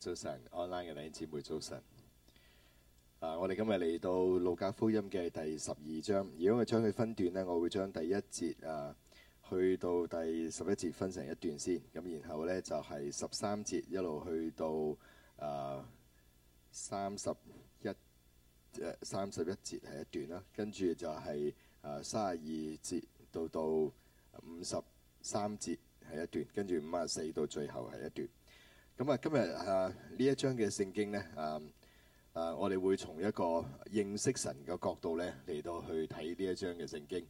早晨，online 嘅弟兄姊妹早晨。啊，我哋今日嚟到路加福音嘅第十二章。如果我將佢分段呢，我會將第一節啊，去到第十一節分成一段先。咁然後呢，就係、是、十三節一路去到啊三十一，誒、啊、三十一節係一段啦。跟住就係、是、啊卅二節到到五十三節係一段，跟住五十四到最後係一段。咁啊，今日啊呢一章嘅聖經呢，啊啊，我哋會從一個認識神嘅角度呢嚟到去睇呢一章嘅聖經。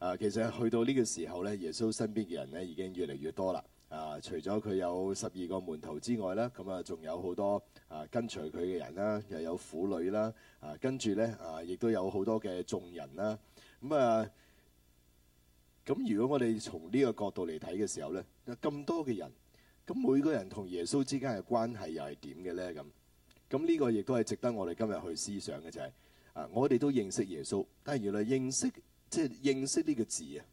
啊，其實去到呢個時候呢，耶穌身邊嘅人呢已經越嚟越多啦。啊，除咗佢有十二個門徒之外呢，咁啊仲有好多啊跟隨佢嘅人啦，又有婦女啦，啊跟住呢啊亦都有好多嘅眾人啦。咁啊，咁如果我哋從呢個角度嚟睇嘅時候呢，咁多嘅人。咁每個人同耶穌之間嘅關係又係點嘅咧？咁咁呢個亦都係值得我哋今日去思想嘅就係、是、啊，我哋都認識耶穌，但係原來認識即係、就是、認識呢個字啊，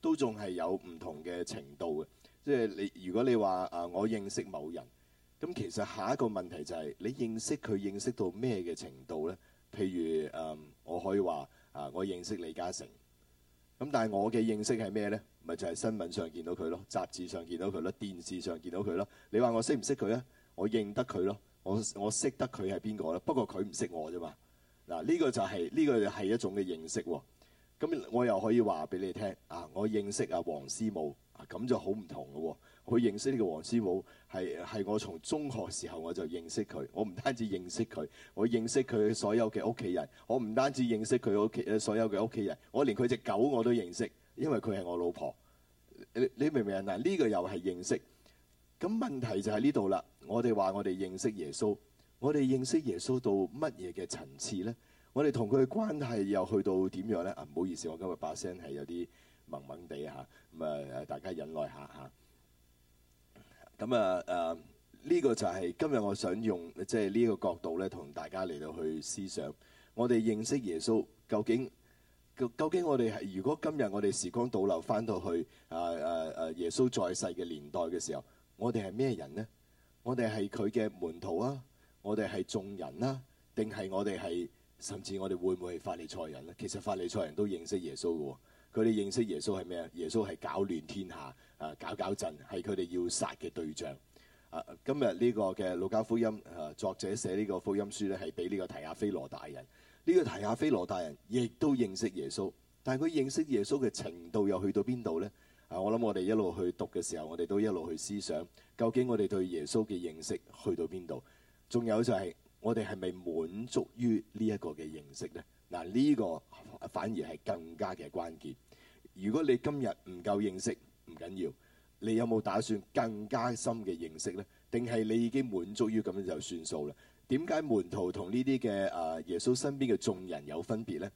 都仲係有唔同嘅程度嘅。即、就、係、是、你如果你話啊，我認識某人，咁其實下一個問題就係、是、你認識佢認識到咩嘅程度咧？譬如嗯，我可以話啊，我認識李嘉誠。咁但係我嘅認識係咩咧？咪就係、是、新聞上見到佢咯，雜誌上見到佢咯，電視上見到佢咯。你話我認認識唔識佢咧？我認得佢咯，我我識得佢係邊個咧？不過佢唔識我啫嘛。嗱，呢、這個就係、是、呢、這個係一種嘅認識喎。咁、嗯、我又可以話俾你聽啊，我認識阿黃思慕啊，咁就好唔同咯喎。佢認識呢個黃師母係係我從中學時候我就認識佢，我唔單止認識佢，我認識佢所有嘅屋企人，我唔單止認識佢屋企所有嘅屋企人，我連佢隻狗我都認識，因為佢係我老婆。你你明唔明啊？呢個又係認識。咁問題就喺呢度啦。我哋話我哋認識耶穌，我哋認識耶穌到乜嘢嘅層次咧？我哋同佢嘅關係又去到點樣咧？啊，唔好意思，我今日把聲係有啲萌萌地嚇，咁啊大家忍耐下嚇。咁啊誒呢個就係今日我想用即係呢個角度咧，同大家嚟到去思想，我哋認識耶穌究竟，究竟我哋係如果今日我哋時光倒流翻到去啊啊啊耶穌在世嘅年代嘅時候，我哋係咩人呢？我哋係佢嘅門徒啊，我哋係眾人啊？定係我哋係甚至我哋會唔會係法利賽人呢？其實法利賽人都認識耶穌喎、哦。佢哋認識耶穌係咩啊？耶穌係搞亂天下，啊搞搞震，係佢哋要殺嘅對象。啊，今日呢個嘅《路加福音》啊，作者寫呢個福音書咧，係俾呢個提亞非羅大人。呢個提亞非羅大人亦都認識耶穌，但係佢認識耶穌嘅程度又去到邊度呢？啊，我諗我哋一路去讀嘅時候，我哋都一路去思想，究竟我哋對耶穌嘅認識去到邊度？仲有就係。我哋係咪滿足於呢一個嘅認識呢？嗱，呢個反而係更加嘅關鍵。如果你今日唔夠認識，唔緊要。你有冇打算更加深嘅認識呢？定係你已經滿足於咁樣就算數啦？點解門徒同呢啲嘅誒耶穌身邊嘅眾人有分別呢？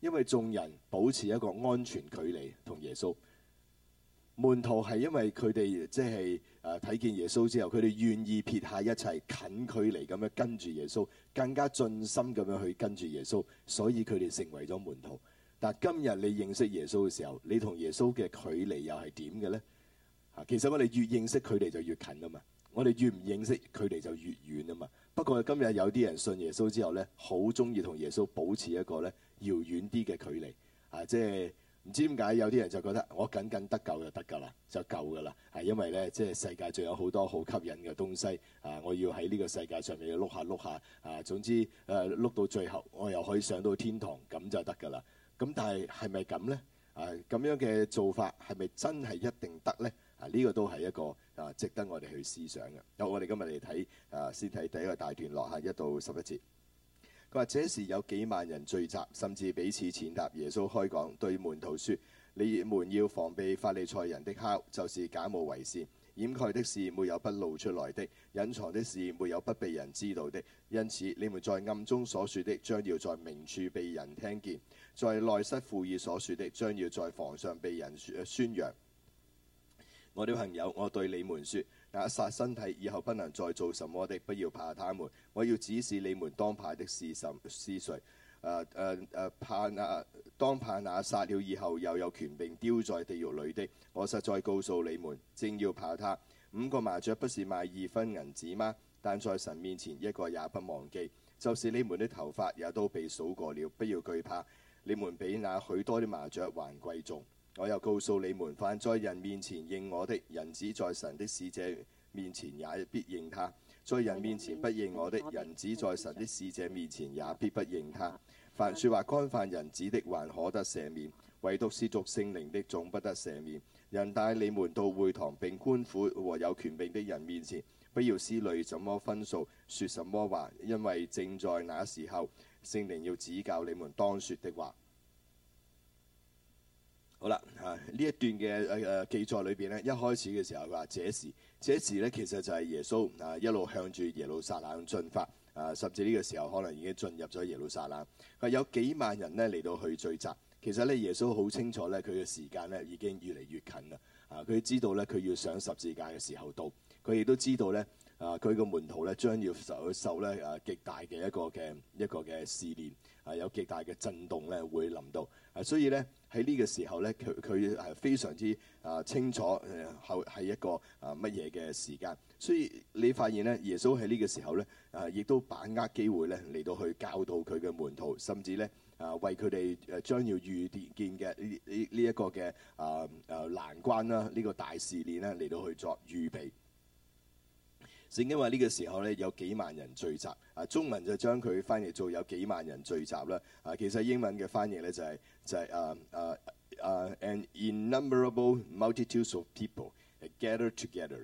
因為眾人保持一個安全距離同耶穌，門徒係因為佢哋即係。誒睇見耶穌之後，佢哋願意撇下一切，近距離咁樣跟住耶穌，更加盡心咁樣去跟住耶穌，所以佢哋成為咗門徒。但今日你認識耶穌嘅時候，你同耶穌嘅距離又係點嘅呢？啊，其實我哋越認識距離就越近啊嘛，我哋越唔認識距離就越遠啊嘛。不過今日有啲人信耶穌之後呢，好中意同耶穌保持一個呢遙遠啲嘅距離，啊，即係。唔知點解有啲人就覺得我僅僅得救就得㗎啦，就夠㗎啦，係因為咧，即係世界仲有好多好吸引嘅東西啊！我要喺呢個世界上面碌下碌下啊，總之誒碌、啊、到最後，我又可以上到天堂，咁就得㗎啦。咁、嗯、但係係咪咁咧？啊，咁樣嘅做法係咪真係一定得咧？啊，呢、呢個都係一個啊，值得我哋去思想嘅。有我哋今日嚟睇啊，先睇第一個大段落下一到十一節。或者是有幾萬人聚集，甚至彼此踐踏。耶穌開講對門徒説，你們要防備法利賽人的酵，就是假冒為善。掩蓋的事沒有不露出來的，隱藏的事沒有不被人知道的。因此你們在暗中所説的，將要在明處被人聽見；在內室附耳所説的，將要在房上被人宣揚。我的朋友，我對你們説。那殺身體以後不能再做什麼的，不要怕他們。我要指示你們當怕的是什是誰？誒誒誒，怕、啊、亞、啊、當怕那殺了以後，又有權柄丟在地獄裏的。我實在告訴你們，正要怕他。五個麻雀不是賣二分銀子嗎？但在神面前一個也不忘記。就是你們的頭髮也都被數過了，不要懼怕。你們比那許多的麻雀還貴重。我又告訴你們：凡在人面前認我的，人子在神的使者面前也必認他；在人面前不認我的，人子在神的使者面前也必不認他。凡説話干犯人子的，還可得赦免；唯獨褻瀆聖靈的，總不得赦免。人帶你們到會堂並官府和有權柄的人面前，不要思慮怎麼分訴、說什麼話，因為正在那時候，聖靈要指教你們當說的話。好啦，啊呢一段嘅誒誒記載裏邊咧，一開始嘅時候話，這時這時咧，其實就係耶穌啊一路向住耶路撒冷進發啊，甚至呢個時候可能已經進入咗耶路撒冷。佢有幾萬人呢嚟到去聚集，其實呢，耶穌好清楚咧，佢嘅時間呢已經越嚟越近啦。啊，佢知道咧佢要上十字架嘅時候到，佢亦都知道咧啊，佢個門徒咧將要受受咧啊極大嘅一個嘅一個嘅試煉啊，有極大嘅震動咧會臨到啊，所以呢。喺呢個時候咧，佢佢係非常之啊清楚，誒後係一個啊乜嘢嘅時間，所以你發現咧，耶穌喺呢個時候咧啊，亦都把握機會咧嚟到去教導佢嘅門徒，甚至咧啊為佢哋誒將要遇見嘅呢呢呢一個嘅啊啊難關啦，呢、這個大試煉咧嚟到去作預備。正因為呢個時候咧有幾萬人聚集，啊中文就將佢翻譯做有幾萬人聚集啦，啊其實英文嘅翻譯咧就係、是、就係啊啊啊 an innumerable multitudes of people gathered together，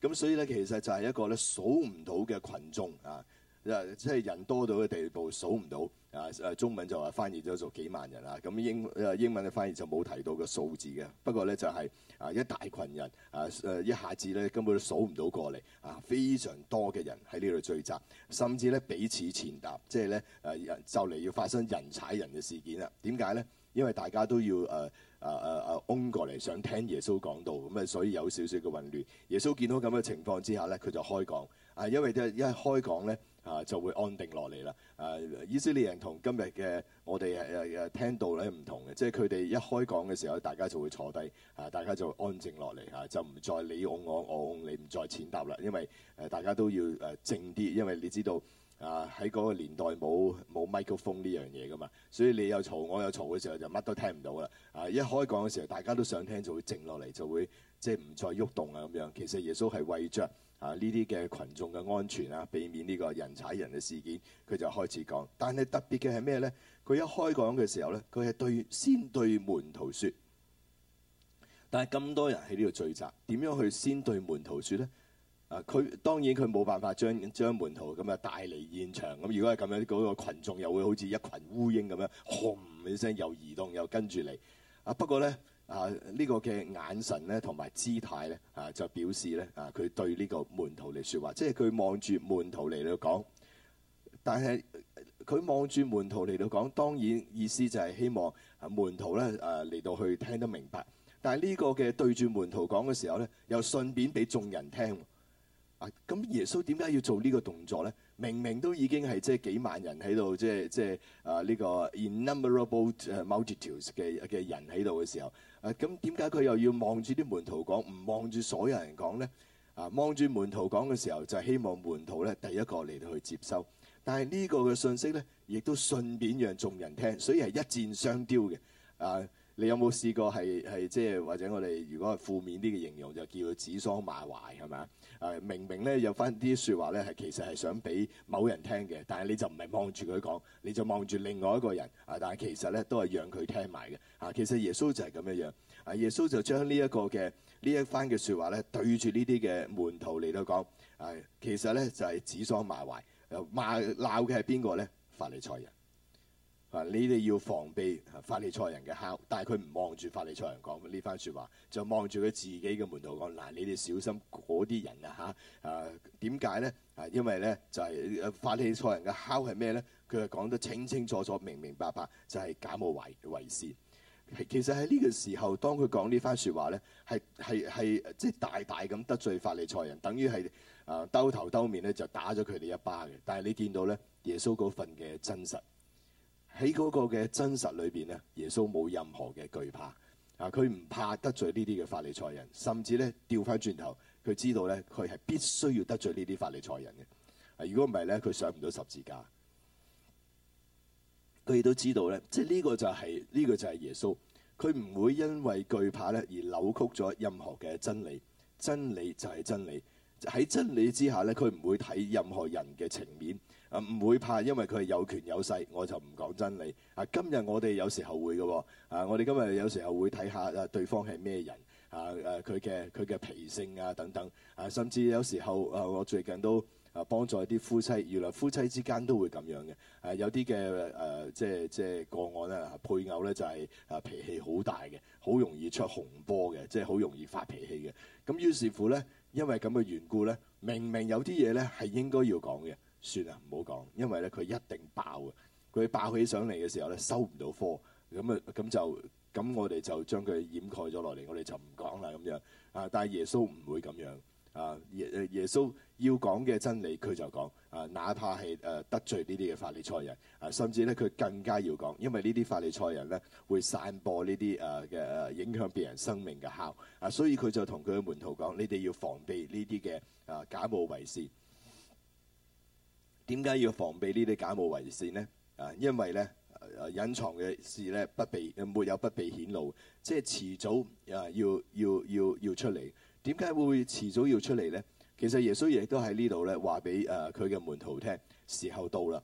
咁、啊、所以咧其實就係一個咧數唔到嘅群眾啊，即係人多到嘅地步數唔到。啊誒中文就話翻譯咗做幾萬人啊，咁英誒英文嘅翻譯就冇提到個數字嘅，不過咧就係啊一大群人啊誒一下子咧根本都數唔到過嚟啊，非常多嘅人喺呢度聚集，甚至咧彼此踐踏，即係咧誒就嚟要發生人踩人嘅事件啦。點解咧？因為大家都要誒誒誒誒擁過嚟想聽耶穌講道。咁啊所以有少少嘅混亂。耶穌見到咁嘅情況之下咧，佢就開講啊，因為呢一開講咧。啊，就會安定落嚟啦！誒、啊，以色列人同今日嘅我哋誒誒聽到咧唔同嘅，即係佢哋一開講嘅時候，大家就會坐低，啊，大家就會安靜落嚟，嚇、啊、就唔再你戇我、嗯，我戇你，唔再踐踏啦。因為誒、啊、大家都要誒靜啲，因為你知道啊喺嗰個年代冇冇 microphone 呢樣嘢噶嘛，所以你有嘈我有嘈嘅時候就乜都聽唔到啦。啊，一開講嘅時候，大家都想聽就會靜落嚟，就會即係唔再喐動啊咁樣。其實耶穌係為著。啊！呢啲嘅群眾嘅安全啊，避免呢個人踩人嘅事件，佢就開始講。但係特別嘅係咩咧？佢一開講嘅時候咧，佢係對先對門徒説。但係咁多人喺呢度聚集，點樣去先對門徒説咧？啊，佢當然佢冇辦法將將門徒咁啊帶嚟現場。咁如果係咁樣，嗰個群眾又會好似一群烏蠅咁樣，轟嘅聲又移動又跟住嚟。啊，不過咧。啊！呢個嘅眼神咧，同埋姿態咧，啊就表示咧，啊佢對呢個門徒嚟説話，即係佢望住門徒嚟到講。但係佢望住門徒嚟到講，當然意思就係希望啊門徒咧啊嚟到去聽得明白。但係呢個嘅對住門徒講嘅時候咧，又順便俾眾人聽。啊咁，耶穌點解要做呢個動作咧？明明都已經係即係幾萬人喺度，即係即係啊呢個 innumerable multitudes 嘅嘅人喺度嘅時候。啊，咁點解佢又要望住啲門徒講，唔望住所有人講咧？啊，望住門徒講嘅時候，就是、希望門徒咧第一個嚟到去接收。但係呢個嘅信息咧，亦都順便讓眾人聽，所以係一箭雙雕嘅。啊，你有冇試過係係即係或者我哋如果係負面啲嘅形容，就叫佢指桑罵槐係咪啊？誒、啊、明明咧有翻啲説話咧，係其實係想俾某人聽嘅，但係你就唔係望住佢講，你就望住另外一個人啊！但係其實咧都係讓佢聽埋嘅啊！其實耶穌就係咁樣樣啊！耶穌就將呢一個嘅呢一番嘅説話咧，對住呢啲嘅門徒嚟到講啊，其實咧就係指桑罵槐，又罵鬧嘅係邊個咧？法利賽人。啊！你哋要防備法利賽人嘅酵，但係佢唔望住法利賽人講呢番説話，就望住佢自己嘅門徒講：嗱、啊，你哋小心嗰啲人啊！吓啊！點解咧？啊，因為咧就係、是、法利賽人嘅酵係咩咧？佢係講得清清楚楚、明明白白，就係、是、假冒為為善。其實喺呢個時候，當佢講番呢番説話咧，係係係即係大大咁得罪法利賽人，等於係啊兜頭兜面咧就打咗佢哋一巴嘅。但係你見到咧，耶穌嗰份嘅真實。喺嗰個嘅真實裏邊咧，耶穌冇任何嘅懼怕啊！佢唔怕得罪呢啲嘅法利賽人，甚至咧調翻轉頭，佢知道咧佢係必須要得罪呢啲法利賽人嘅。啊，如果唔係咧，佢上唔到十字架。佢亦都知道咧，即係呢個就係呢個就係耶穌，佢唔會因為懼怕咧而扭曲咗任何嘅真理。真理就係真理，喺真理之下咧，佢唔會睇任何人嘅情面。啊！唔會怕，因為佢係有權有勢，我就唔講真理啊。今日我哋有時候會嘅喎、哦、啊，我哋今日有時候會睇下啊，對方係咩人啊？誒，佢嘅佢嘅脾性啊，等等啊，甚至有時候啊，我最近都啊幫助一啲夫妻，原來夫妻之間都會咁樣嘅啊。有啲嘅誒，即係即係個案啦、啊，配偶咧就係啊脾氣好大嘅，好容易出紅波嘅，即係好容易發脾氣嘅。咁於是乎咧，因為咁嘅緣故咧，明明有啲嘢咧係應該要講嘅。算啦，唔好講，因為咧佢一定爆嘅，佢爆起上嚟嘅時候咧收唔到科，咁啊咁就咁我哋就將佢掩蓋咗落嚟，我哋就唔講啦咁樣。啊，但係耶穌唔會咁樣。啊，耶耶穌要講嘅真理，佢就講。啊，哪怕係誒、啊、得罪呢啲嘅法利賽人，啊，甚至咧佢更加要講，因為呢啲法利賽人咧會散播呢啲誒嘅影響別人生命嘅酵。啊，所以佢就同佢嘅門徒講：你哋要防備呢啲嘅啊假冒為善。點解要防備呢啲假冒為善呢？啊，因為咧、啊啊、隱藏嘅事咧不被沒有不被顯露，即係遲早啊要要要要出嚟。點解會遲早要出嚟呢？其實耶穌亦都喺呢度咧話俾誒佢嘅門徒聽，時候到啦。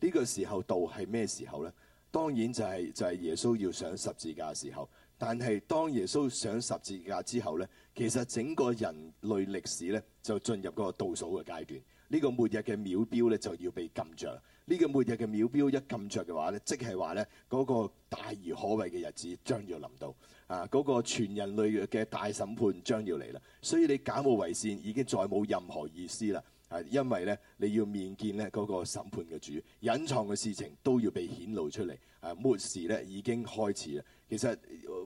呢、這個時候到係咩時候呢？當然就係、是、就係、是、耶穌要上十字架嘅時候。但係當耶穌上十字架之後咧，其實整個人類歷史咧就進入嗰個倒數嘅階段。呢個末日嘅秒表咧就要被禁著，呢個末日嘅秒表一禁着嘅話咧，即係話咧嗰個大而可畏嘅日子將要臨到，啊嗰個全人類嘅大審判將要嚟啦，所以你假冒為善已經再冇任何意思啦，啊因為咧你要面見咧嗰個審判嘅主，隱藏嘅事情都要被顯露出嚟，啊末時咧已經開始啦。其實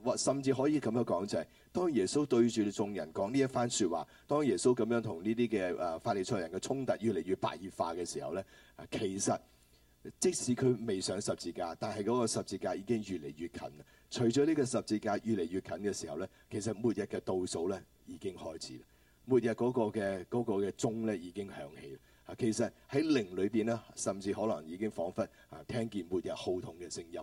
或甚至可以咁樣講就係、是，當耶穌對住眾人講呢一番説話，當耶穌咁樣同呢啲嘅誒法利賽人嘅衝突越嚟越白熱化嘅時候咧、啊，其實即使佢未上十字架，但係嗰個十字架已經越嚟越近。除咗呢個十字架越嚟越近嘅時候咧，其實末日嘅倒數咧已經開始，末日嗰個嘅嗰個嘅鐘咧已經響起。啊，其實喺靈裏邊呢，甚至可能已經彷彿啊聽見末日號筒嘅聲音，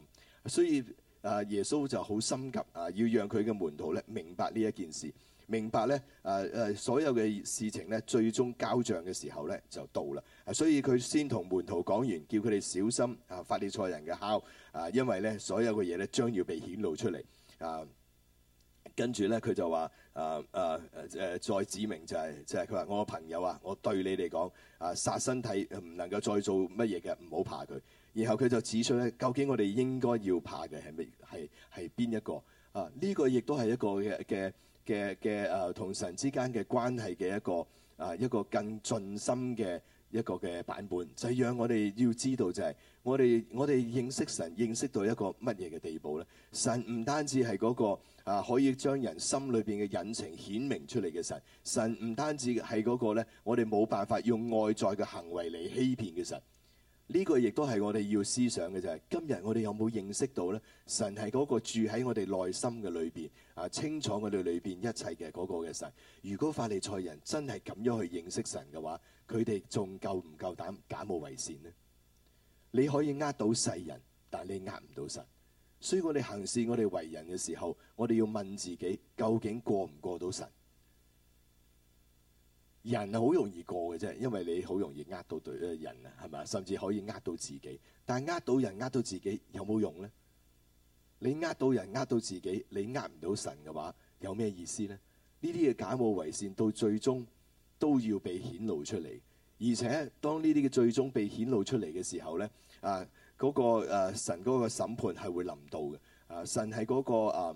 所以，啊！耶穌就好心急啊，要讓佢嘅門徒咧明白呢一件事，明白咧啊啊！所有嘅事情咧，最終交賬嘅時候咧就到啦、啊、所以佢先同門徒講完，叫佢哋小心啊，法利賽人嘅酵啊，因為咧所有嘅嘢咧將要被顯露出嚟啊。跟住咧佢就話啊啊誒、啊，再指明就係、是、就係佢話我個朋友啊，我對你嚟講啊，殺身體唔能夠再做乜嘢嘅，唔好怕佢。然後佢就指出咧，究竟我哋應該要怕嘅係咪係係邊一個啊？呢個亦都係一個嘅嘅嘅嘅誒，同神之間嘅關係嘅一個啊一個更盡心嘅一個嘅版本，就讓我哋要知道就係我哋我哋認識神，認識到一個乜嘢嘅地步咧？神唔單止係嗰個啊，可以將人心裏邊嘅隱情顯明出嚟嘅神，神唔單止係嗰個咧，我哋冇辦法用外在嘅行為嚟欺騙嘅神。呢個亦都係我哋要思想嘅，就係今日我哋有冇認識到呢？神係嗰個住喺我哋內心嘅裏邊啊，清楚我哋裏邊一切嘅嗰個嘅神。如果法利賽人真係咁樣去認識神嘅話，佢哋仲夠唔夠膽假冒為善呢？你可以呃到世人，但你呃唔到神。所以我哋行事、我哋為人嘅時候，我哋要問自己究竟過唔過到神？人好容易過嘅啫，因為你好容易呃到對人啊，係咪？甚至可以呃到自己。但係呃到人、呃到自己有冇用咧？你呃到人、呃到自己，你呃唔到神嘅話，有咩意思咧？呢啲嘅假冒為善，到最終都要被顯露出嚟。而且當呢啲嘅最終被顯露出嚟嘅時候咧，啊嗰、那個啊神嗰個審判係會臨到嘅。啊神係嗰、那個啊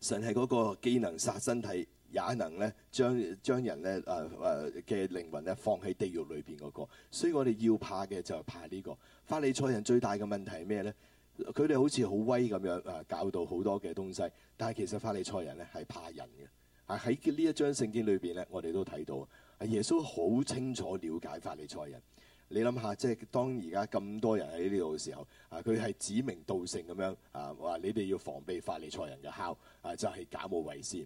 神係嗰個既能殺身體。也能咧將將人咧誒誒嘅靈魂咧放喺地獄裏邊嗰個。所以我哋要怕嘅就係怕呢、呢個法利賽人最大嘅問題係咩咧？佢哋好似好威咁樣誒、啊，教導好多嘅東西，但係其實法利賽人咧係怕人嘅。喺、啊、呢一章聖經裏邊咧，我哋都睇到啊，耶穌好清楚了解法利賽人。你諗下，即係當而家咁多人喺呢度嘅時候，啊，佢係指名道姓咁樣啊話：「你哋要防備法利賽人嘅酵啊，就係、係、假冒為善。」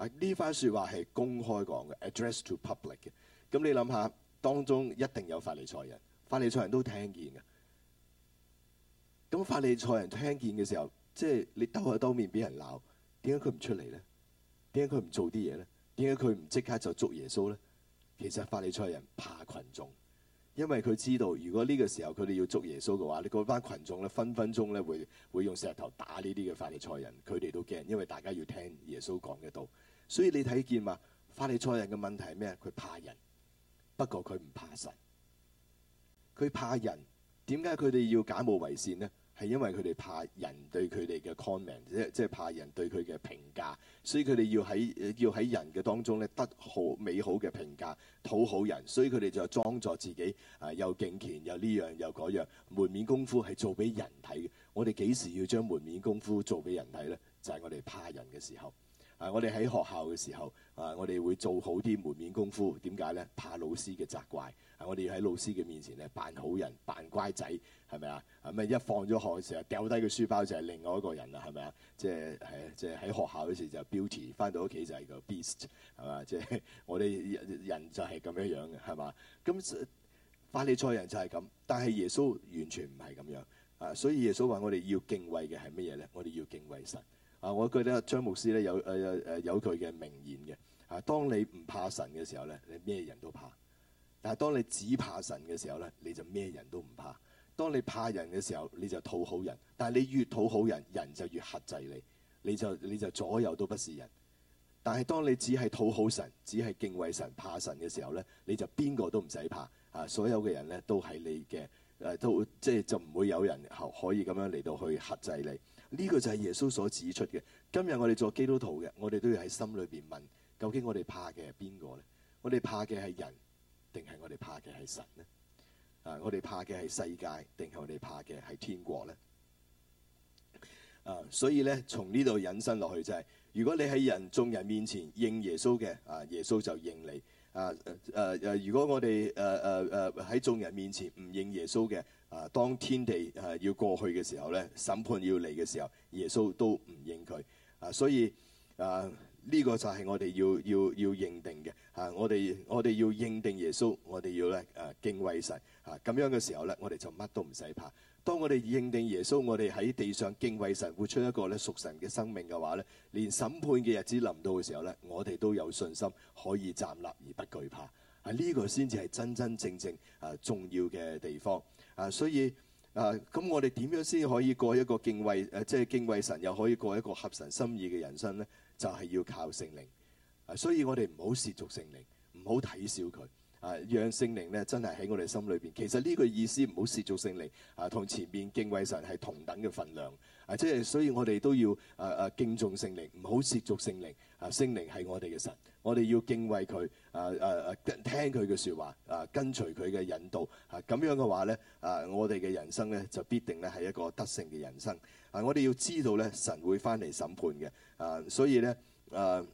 啊，呢番説話係公開講嘅，address to public 嘅。咁、嗯、你諗下，當中一定有法利賽人，法利賽人都聽見嘅。咁、嗯、法利賽人聽見嘅時候，即係你兜下兜面俾人鬧，點解佢唔出嚟咧？點解佢唔做啲嘢咧？點解佢唔即刻就捉耶穌咧？其實法利賽人怕群眾，因為佢知道，如果呢個時候佢哋要捉耶穌嘅話，你嗰班群眾咧分分鐘咧會會用石頭打呢啲嘅法利賽人。佢哋都驚，因為大家要聽耶穌講嘅道。所以你睇見話法利賽人嘅問題係咩？佢怕人，不過佢唔怕神。佢怕人，點解佢哋要假冒為善呢？係因為佢哋怕人對佢哋嘅 comment，即係怕人對佢嘅評價。所以佢哋要喺要喺人嘅當中咧得好美好嘅評價，討好人，所以佢哋就裝作自己啊、呃、又敬虔又呢樣又嗰樣，門面功夫係做俾人睇嘅。我哋幾時要將門面功夫做俾人睇呢？就係、是、我哋怕人嘅時候。啊！我哋喺學校嘅時候，啊！我哋會做好啲門面功夫，點解咧？怕老師嘅責怪。啊！我哋要喺老師嘅面前咧，扮好人、扮乖仔，係咪啊？係咪一放咗學嘅時候，掉低個書包就係另外一個人啦，係咪啊？即係係啊！即係喺學校嘅時候就 beauty，翻到屋企就係個 beast，係嘛？即係我哋人，人就係咁樣樣嘅，係嘛？咁法利賽人就係咁，但係耶穌完全唔係咁樣。啊！所以耶穌話：我哋要敬畏嘅係乜嘢咧？我哋要敬畏神。啊，我覺得張牧師咧有誒誒、呃、有佢嘅名言嘅。啊，當你唔怕神嘅時候咧，你咩人都怕；但係當你只怕神嘅時候咧，你就咩人都唔怕。當你怕人嘅時候，你就討好人；但係你越討好人，人就越克制你，你就你就左右都不是人。但係當你只係討好神、只係敬畏神、怕神嘅時候咧，你就邊個都唔使怕。啊，所有嘅人咧都係你嘅，誒、啊、都即係就唔、是、會有人後可以咁樣嚟到去克制你。呢個就係耶穌所指出嘅。今日我哋做基督徒嘅，我哋都要喺心裏邊問：究竟我哋怕嘅係邊個咧？我哋怕嘅係人，定係我哋怕嘅係神咧？啊，我哋怕嘅係世界，定係我哋怕嘅係天國咧？啊，所以咧，從呢度引申落去就係：如果你喺人眾人面前認耶穌嘅，啊，耶穌就認你。啊，誒、啊、誒、啊、如果我哋誒誒誒喺眾人面前唔認耶穌嘅。啊！當天地誒要過去嘅時候咧，審判要嚟嘅時候，耶穌都唔認佢啊，所以啊，呢個就係我哋要要要認定嘅啊！我哋我哋要認定耶穌，我哋要咧啊，敬畏神啊！咁樣嘅時候咧，我哋就乜都唔使怕。當我哋認定耶穌，我哋喺地上敬畏神，活出一個咧屬神嘅生命嘅話咧，連審判嘅日子臨到嘅時候咧，我哋都有信心可以站立而不懼怕啊！呢個先至係真真正正誒重要嘅地方。啊，所以啊，咁我哋點樣先可以過一個敬畏誒，即係敬畏神，又可以過一個合神心意嘅人生咧？就係要靠聖靈。啊，所以我哋唔好褻瀆聖靈，唔好睇小佢。啊，讓聖靈咧真係喺我哋心裏邊。其實呢句意思唔好褻瀆聖靈。啊，同前面敬畏神係同等嘅份量。啊，即係所以我哋都要誒誒敬重聖靈，唔好褻瀆聖靈。啊，聖靈係我哋嘅神，我哋要敬畏佢。啊啊啊！聽佢嘅説話，啊跟隨佢嘅引導，啊咁樣嘅話咧，啊我哋嘅人生咧就必定咧係一個得勝嘅人生。啊，我哋要知道咧，神會返嚟審判嘅，啊，所以咧，啊，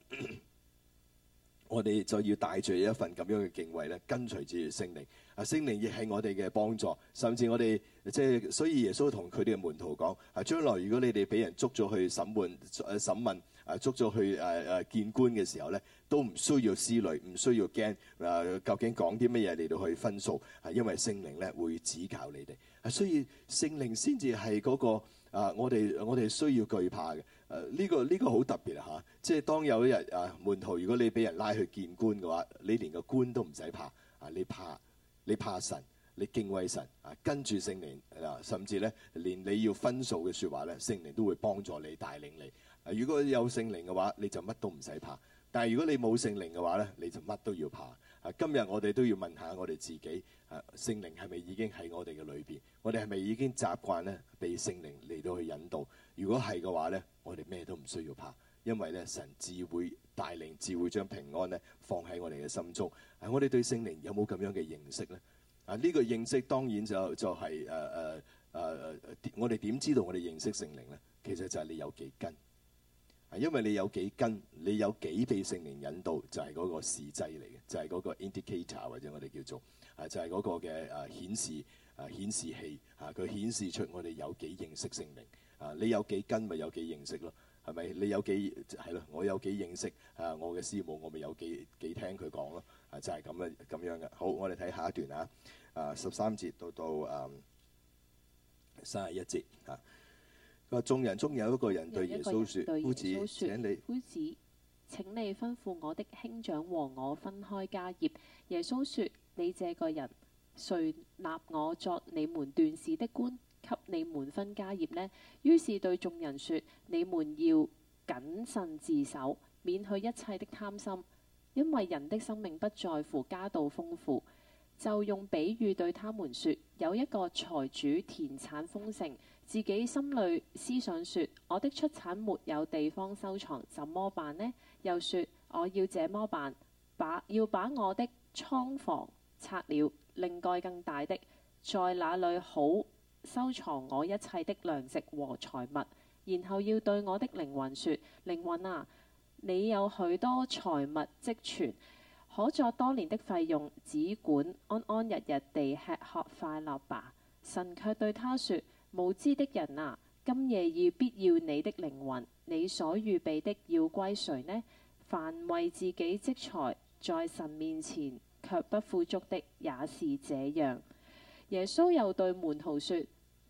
我哋就要帶住一份咁樣嘅敬畏咧，跟隨住聖靈。啊，聖靈亦係我哋嘅幫助，甚至我哋即係，所以耶穌同佢哋嘅門徒講：啊，將來如果你哋俾人捉咗去審判，誒審問。審問誒捉咗去誒誒見官嘅時候咧，都唔需要思慮，唔需要驚誒。究竟講啲乜嘢嚟到去分數？啊因為聖靈咧會指教你哋。啊所以聖靈先至係嗰個啊！我哋我哋需要懼怕嘅誒呢個呢個好特別嚇。即係當有一日啊門徒，如果你俾人拉去見官嘅話，你連個官都唔使怕啊！你怕你怕神，你敬畏神啊，跟住聖靈啊，甚至咧連你要分數嘅説話咧，聖靈都會幫助你帶領你。如果有聖靈嘅話，你就乜都唔使怕。但係如果你冇聖靈嘅話咧，你就乜都要怕。啊！今日我哋都要問下我哋自己：啊，聖靈係咪已經喺我哋嘅裏邊？我哋係咪已經習慣咧被聖靈嚟到去引導？如果係嘅話咧，我哋咩都唔需要怕，因為咧神自會帶領，自會將平安咧放喺我哋嘅心中。啊！我哋對聖靈有冇咁樣嘅認識咧？啊！呢個認識當然就就係誒誒誒，我哋點知道我哋認識聖靈咧？其實就係你有幾根。因為你有幾根，你有幾被聖靈引導，就係、是、嗰個試劑嚟嘅，就係、是、嗰個 indicator 或者我哋叫做啊，就係、是、嗰個嘅啊、呃、顯示啊、呃、顯示器啊，佢顯示出我哋有幾認識聖靈啊，你有幾根咪有幾認識咯，係咪？你有幾係咯？我有幾認識啊？我嘅師母我咪有幾幾聽佢講咯，啊，就係咁嘅咁樣嘅。好，我哋睇下一段啊，啊十三節到到啊三十一節啊。佢眾人中有一個人對耶穌説：，對說夫子，請你夫子，請你吩咐我的兄長和我分開家業。耶穌説：你這個人，誰立我作你們斷事的官，給你們分家業呢？於是對眾人説：你們要謹慎自守，免去一切的貪心，因為人的生命不在乎家道豐富。就用比喻對他們説：有一個財主，田產豐盛。自己心裏思想：，說，我的出產沒有地方收藏，怎麼辦呢？又說我要這麼辦，把要把我的倉房拆了，另蓋更大的，在那裏好收藏我一切的糧食和財物。然後要對我的靈魂說，靈魂啊，你有許多財物積存，可作多年的費用，只管安安逸逸地吃喝快樂吧。神却對他說。無知的人啊，今夜要必要你的靈魂，你所預備的要歸誰呢？凡為自己積財，在神面前卻不富足的，也是這樣。耶穌又對門徒說：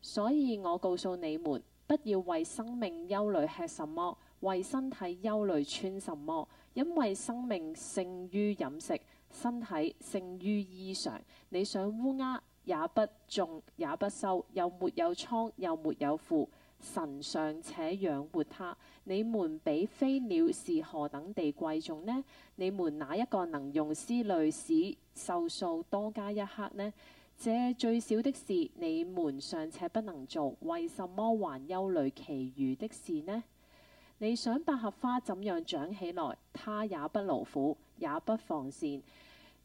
所以我告訴你們，不要為生命憂慮吃什麼，為身體憂慮穿什麼，因為生命勝於飲食，身體勝於衣裳。你想烏鴉？也不種也不收，又沒有倉又沒有庫，神尚且養活他。你們比飛鳥是何等地貴重呢？你們哪一個能用思慮使壽數多加一刻呢？這最小的事你們尚且不能做，為什麼還憂慮其餘的事呢？你想百合花怎樣長起來？它也不勞苦也不紡線。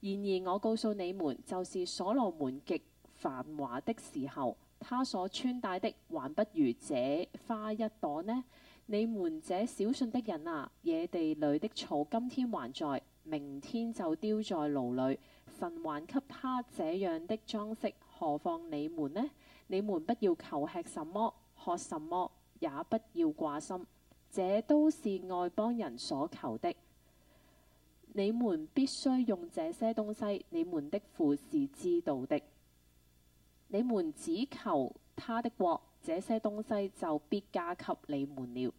然而我告訴你們，就是所羅門極繁華的時候，他所穿戴的還不如這花一朵呢。你們這小信的人啊，野地裏的草今天還在，明天就丟在牢裏。神還給他這樣的裝飾，何況你們呢？你們不要求吃什麼、喝什麼，也不要掛心，這都是外邦人所求的。你們必須用這些東西，你們的父是知道的。你們只求他的國，這些東西就必加給你們了。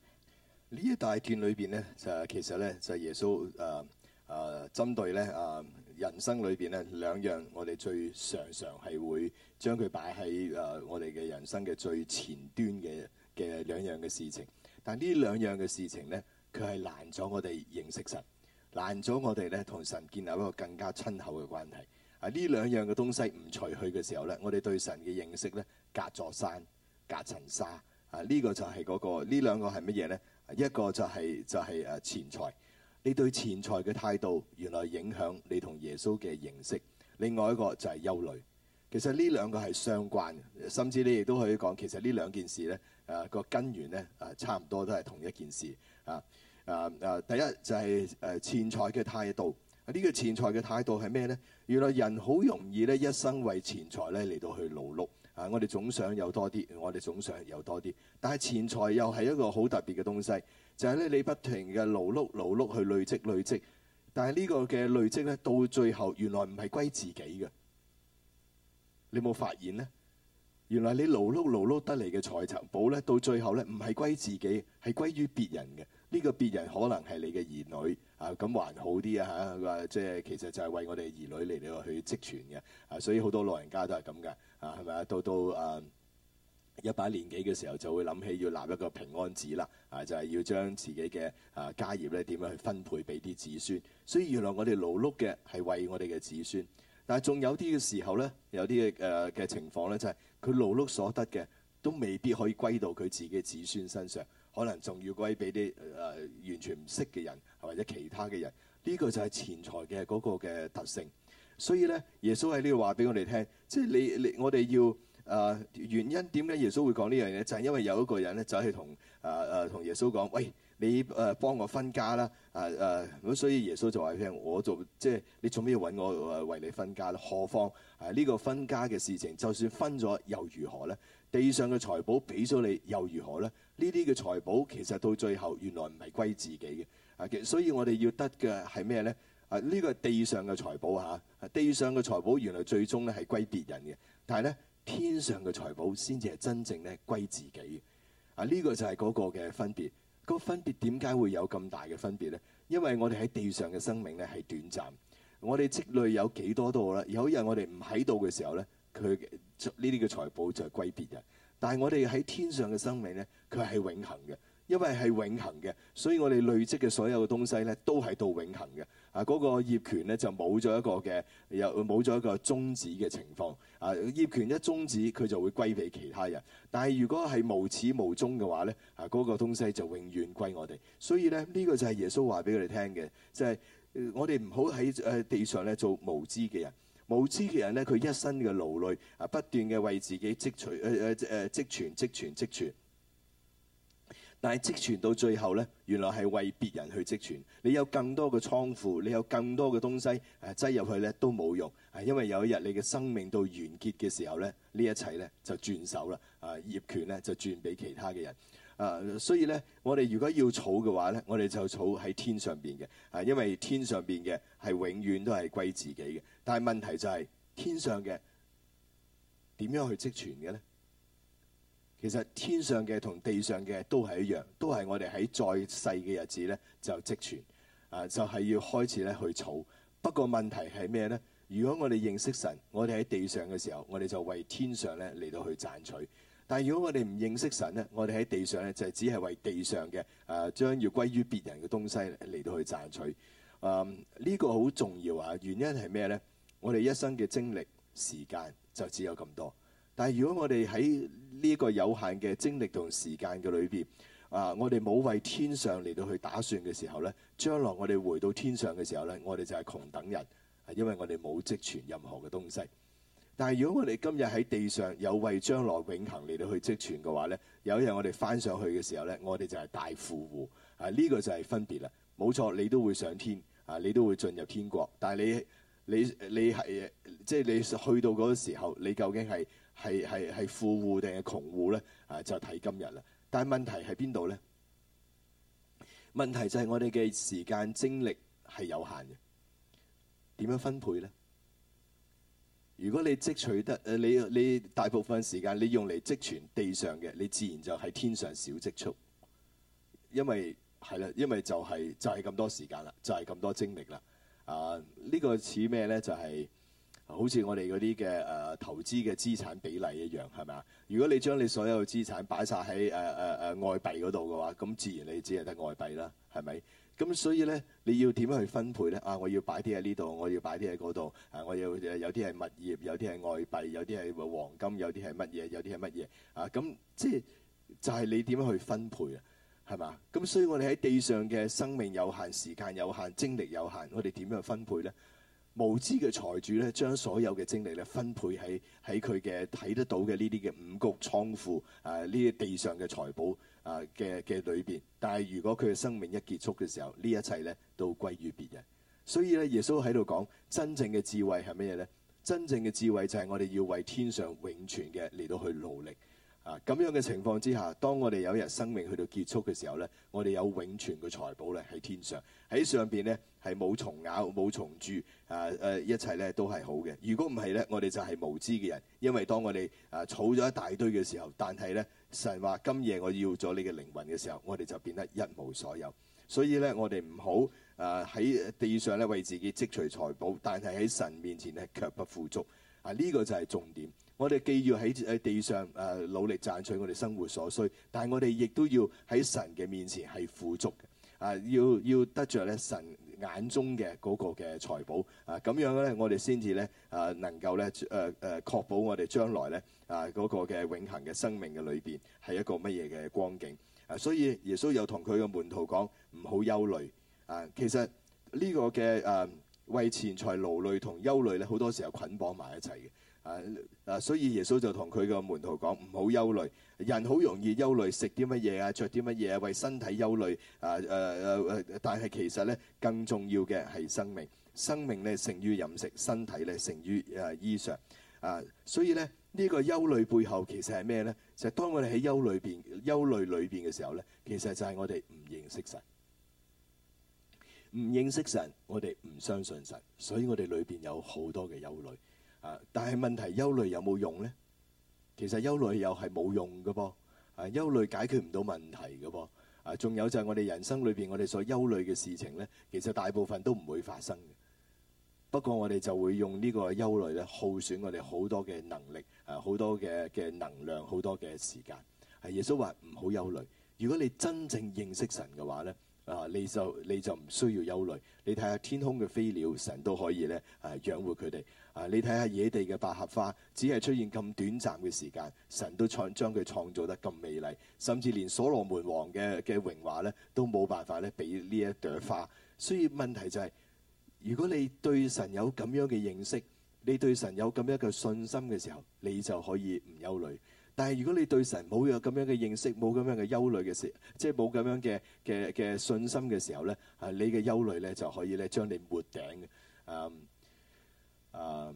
呢一大卷裏邊呢，就其實呢，就耶穌誒誒，針對呢誒人生裏邊呢兩樣我哋最常常係會將佢擺喺誒我哋嘅人生嘅最前端嘅嘅兩樣嘅事情。但呢兩樣嘅事情呢，佢係難咗我哋認識神，難咗我哋呢同神建立一個更加親厚嘅關係。啊！呢兩樣嘅東西唔除去嘅時候咧，我哋對神嘅認識咧，隔座山、隔層沙。啊！呢個就係嗰個，呢兩個係乜嘢咧？一個就係就係誒錢財，你對錢財嘅態度原來影響你同耶穌嘅認識。另外一個就係憂慮，其實呢兩個係相關嘅，甚至你亦都可以講，其實呢兩件事咧，啊個根源咧，啊差唔多都係同一件事。啊啊啊！第一就係誒錢財嘅態度。呢個錢財嘅態度係咩呢？原來人好容易咧，一生為錢財咧嚟到去勞碌啊！我哋總想有多啲，我哋總想有多啲。但係錢財又係一個好特別嘅東西，就係咧你不停嘅勞碌、勞碌去累積、累積。但係呢個嘅累積咧，到最後原來唔係歸自己嘅。你冇發現呢？原來你勞碌勞碌得嚟嘅財財寶咧，到最後咧唔係歸自己，係歸於別人嘅。呢個別人可能係你嘅兒女啊，咁還好啲啊嚇，話即係其實就係為我哋兒女嚟到去去積存嘅啊，所以好多老人家都係咁嘅啊，係咪啊？到到誒、啊、一把年紀嘅時候就會諗起要立一個平安紙啦，啊就係、係、要將自己嘅啊家業咧點樣去分配俾啲子孫，所以原來我哋勞碌嘅係為我哋嘅子孫，但係仲有啲嘅時候咧，有啲誒嘅情況咧就係佢勞碌所得嘅都未必可以歸到佢自己子孫身上。可能仲要歸俾啲誒完全唔識嘅人，或者其他嘅人，呢個就係錢財嘅嗰個嘅特性。所以咧，耶穌喺呢度話俾我哋聽，即係你你我哋要誒、呃、原因點解？耶穌會講呢樣嘢，就係因為有一個人咧，就係同誒誒同耶穌講，喂，你誒幫、呃、我分家啦！誒誒咁，所以耶穌就話，聽，我做，即係你做咩要揾我誒為你分家咧？何況誒呢個分家嘅事情，就算分咗又如何咧？地上嘅財寶俾咗你又如何咧？呢啲嘅財寶其實到最後原來唔係歸自己嘅，啊，其所以我哋要得嘅係咩呢？啊，呢個係地上嘅財寶嚇，地上嘅財寶原來最終咧係歸別人嘅，但係呢，天上嘅財寶先至係真正咧歸自己嘅，啊，呢個就係嗰個嘅分別。嗰個分別點解會有咁大嘅分別呢？因為我哋喺地上嘅生命咧係短暫，我哋積累有幾多都好啦，有一日我哋唔喺度嘅時候呢，佢呢啲嘅財寶就係歸別人。但係我哋喺天上嘅生命咧，佢係永恆嘅，因為係永恆嘅，所以我哋累積嘅所有嘅東西咧，都係到永恆嘅。啊，嗰、那個業權咧就冇咗一個嘅，又冇咗一個終止嘅情況。啊，業權一終止，佢就會歸俾其他人。但係如果係無始無終嘅話咧，啊、那、嗰個東西就永遠歸我哋。所以咧，呢、這個就係耶穌話俾佢哋聽嘅，就係、是、我哋唔好喺誒地上咧做無知嘅人。無知嘅人呢，佢一生嘅勞累啊，不斷嘅為自己積、呃、存，誒誒誒，積存積存積存。但係積存到最後呢，原來係為別人去積存。你有更多嘅倉庫，你有更多嘅東西誒，擠、啊、入去呢，都冇用，係、啊、因為有一日你嘅生命到完結嘅時候呢，呢一切呢，就轉手啦，啊，業權呢就轉俾其他嘅人。啊，所以呢，我哋如果要儲嘅話呢，我哋就儲喺天上邊嘅，啊，因為天上邊嘅係永遠都係歸自己嘅。但係問題就係、是、天上嘅點樣去積存嘅呢？其實天上嘅同地上嘅都係一樣，都係我哋喺在世嘅日子咧就積存，啊就係、是、要開始咧去儲。不過問題係咩呢？如果我哋認識神，我哋喺地上嘅時候，我哋就為天上咧嚟到去賺取。但係如果我哋唔認識神呢，我哋喺地上咧就只係為地上嘅啊將要歸於別人嘅東西嚟到去賺取。嗯、啊，呢、這個好重要啊。原因係咩呢？我哋一生嘅精力時間就只有咁多，但係如果我哋喺呢個有限嘅精力同時間嘅裏邊，啊，我哋冇為天上嚟到去打算嘅時候咧，將來我哋回到天上嘅時候咧，我哋就係窮等人，係因為我哋冇積存任何嘅東西。但係如果我哋今日喺地上有為將來永恆嚟到去積存嘅話咧，有一日我哋翻上去嘅時候咧，我哋就係大富戶，啊，呢個就係分別啦。冇錯，你都會上天，啊，你都會進入天國，但係你。你你係即係你去到嗰個時候，你究竟係係係係富戶定係窮戶咧？啊，就睇今日啦。但係問題係邊度咧？問題就係我哋嘅時間精力係有限嘅，點樣分配咧？如果你積取得誒，你你大部分時間你用嚟積存地上嘅，你自然就喺天上少積蓄，因為係啦，因為就係、是、就係、是、咁多時間啦，就係、是、咁多精力啦。啊！這個、呢個似咩咧？就係、是、好似我哋嗰啲嘅誒投資嘅資產比例一樣，係咪啊？如果你將你所有資產擺晒喺誒誒誒外幣嗰度嘅話，咁自然你只係得外幣啦，係咪？咁所以咧，你要點樣去分配咧？啊，我要擺啲喺呢度，我要擺啲喺嗰度。啊，我要有有啲係物業，有啲係外幣，有啲係黃金，有啲係乜嘢，有啲係乜嘢。啊，咁即係就係你點樣去分配啊？係嘛？咁、嗯、所以我哋喺地上嘅生命有限，時間有限，精力有限，我哋點樣分配呢？無知嘅財主咧，將所有嘅精力咧分配喺喺佢嘅睇得到嘅呢啲嘅五穀倉庫啊，呢、呃、啲地上嘅財寶啊嘅嘅裏邊。但係如果佢嘅生命一結束嘅時候，呢一切咧都歸於別人。所以咧，耶穌喺度講真正嘅智慧係乜嘢呢？真正嘅智慧就係我哋要為天上永存嘅嚟到去努力。啊，咁樣嘅情況之下，當我哋有一日生命去到結束嘅時候呢，我哋有永存嘅財寶咧喺天上，喺上邊呢係冇蟲咬冇蟲蛀，啊誒、啊、一切咧都係好嘅。如果唔係呢，我哋就係無知嘅人，因為當我哋啊儲咗一大堆嘅時候，但係呢神話今夜我要咗你嘅靈魂嘅時候，我哋就變得一無所有。所以呢，我哋唔好啊喺地上咧為自己積儲財寶，但係喺神面前咧卻不富足。啊，呢、這個就係重點。我哋既要喺喺地上誒努力賺取我哋生活所需，但係我哋亦都要喺神嘅面前係富足嘅，啊要要得著咧神眼中嘅嗰個嘅財寶，啊咁樣咧我哋先至咧誒能夠咧誒誒確保我哋將來咧啊嗰個嘅永恆嘅生命嘅裏邊係一個乜嘢嘅光景啊！所以耶穌又同佢嘅門徒講，唔好憂慮啊！其實呢個嘅誒為錢財勞累同憂慮咧，好多時候捆綁埋一齊嘅。啊！啊，所以耶穌就同佢個門徒講：唔好憂慮。人好容易憂慮，食啲乜嘢啊？著啲乜嘢啊？為身體憂慮。啊！誒誒誒，但係其實咧，更重要嘅係生命。生命咧勝於飲食，身體咧勝於誒衣裳。啊！所以咧，呢個憂慮背後其實係咩咧？就係當我哋喺憂慮邊、憂慮裏邊嘅時候咧，其實就係我哋唔認識神，唔認識神，我哋唔相信神，所以我哋裏邊有好多嘅憂慮。啊！但係問題，憂慮有冇用咧？其實憂慮又係冇用嘅噃。啊，憂慮解決唔到問題嘅噃。啊，仲有就係我哋人生裏邊，我哋所憂慮嘅事情咧，其實大部分都唔會發生嘅。不過我哋就會用呢個憂慮咧，耗損我哋好多嘅能力，啊，好多嘅嘅能量，好多嘅時間。係耶穌話唔好憂慮。如果你真正認識神嘅話咧，啊，你就你就唔需要憂慮。你睇下天空嘅飛鳥，神都可以咧啊，養活佢哋。啊！你睇下野地嘅百合花，只係出現咁短暫嘅時間，神都創將佢創造得咁美麗，甚至連所羅門王嘅嘅榮華咧，都冇辦法咧畀呢一朵花。所以問題就係、是，如果你對神有咁樣嘅認識，你對神有咁樣嘅信心嘅時候，你就可以唔憂慮。但係如果你對神冇有咁樣嘅認識，冇咁樣嘅憂慮嘅時候，即係冇咁樣嘅嘅嘅信心嘅時候咧，啊，你嘅憂慮咧就可以咧將你抹頂嘅啊。嗯啊！Uh,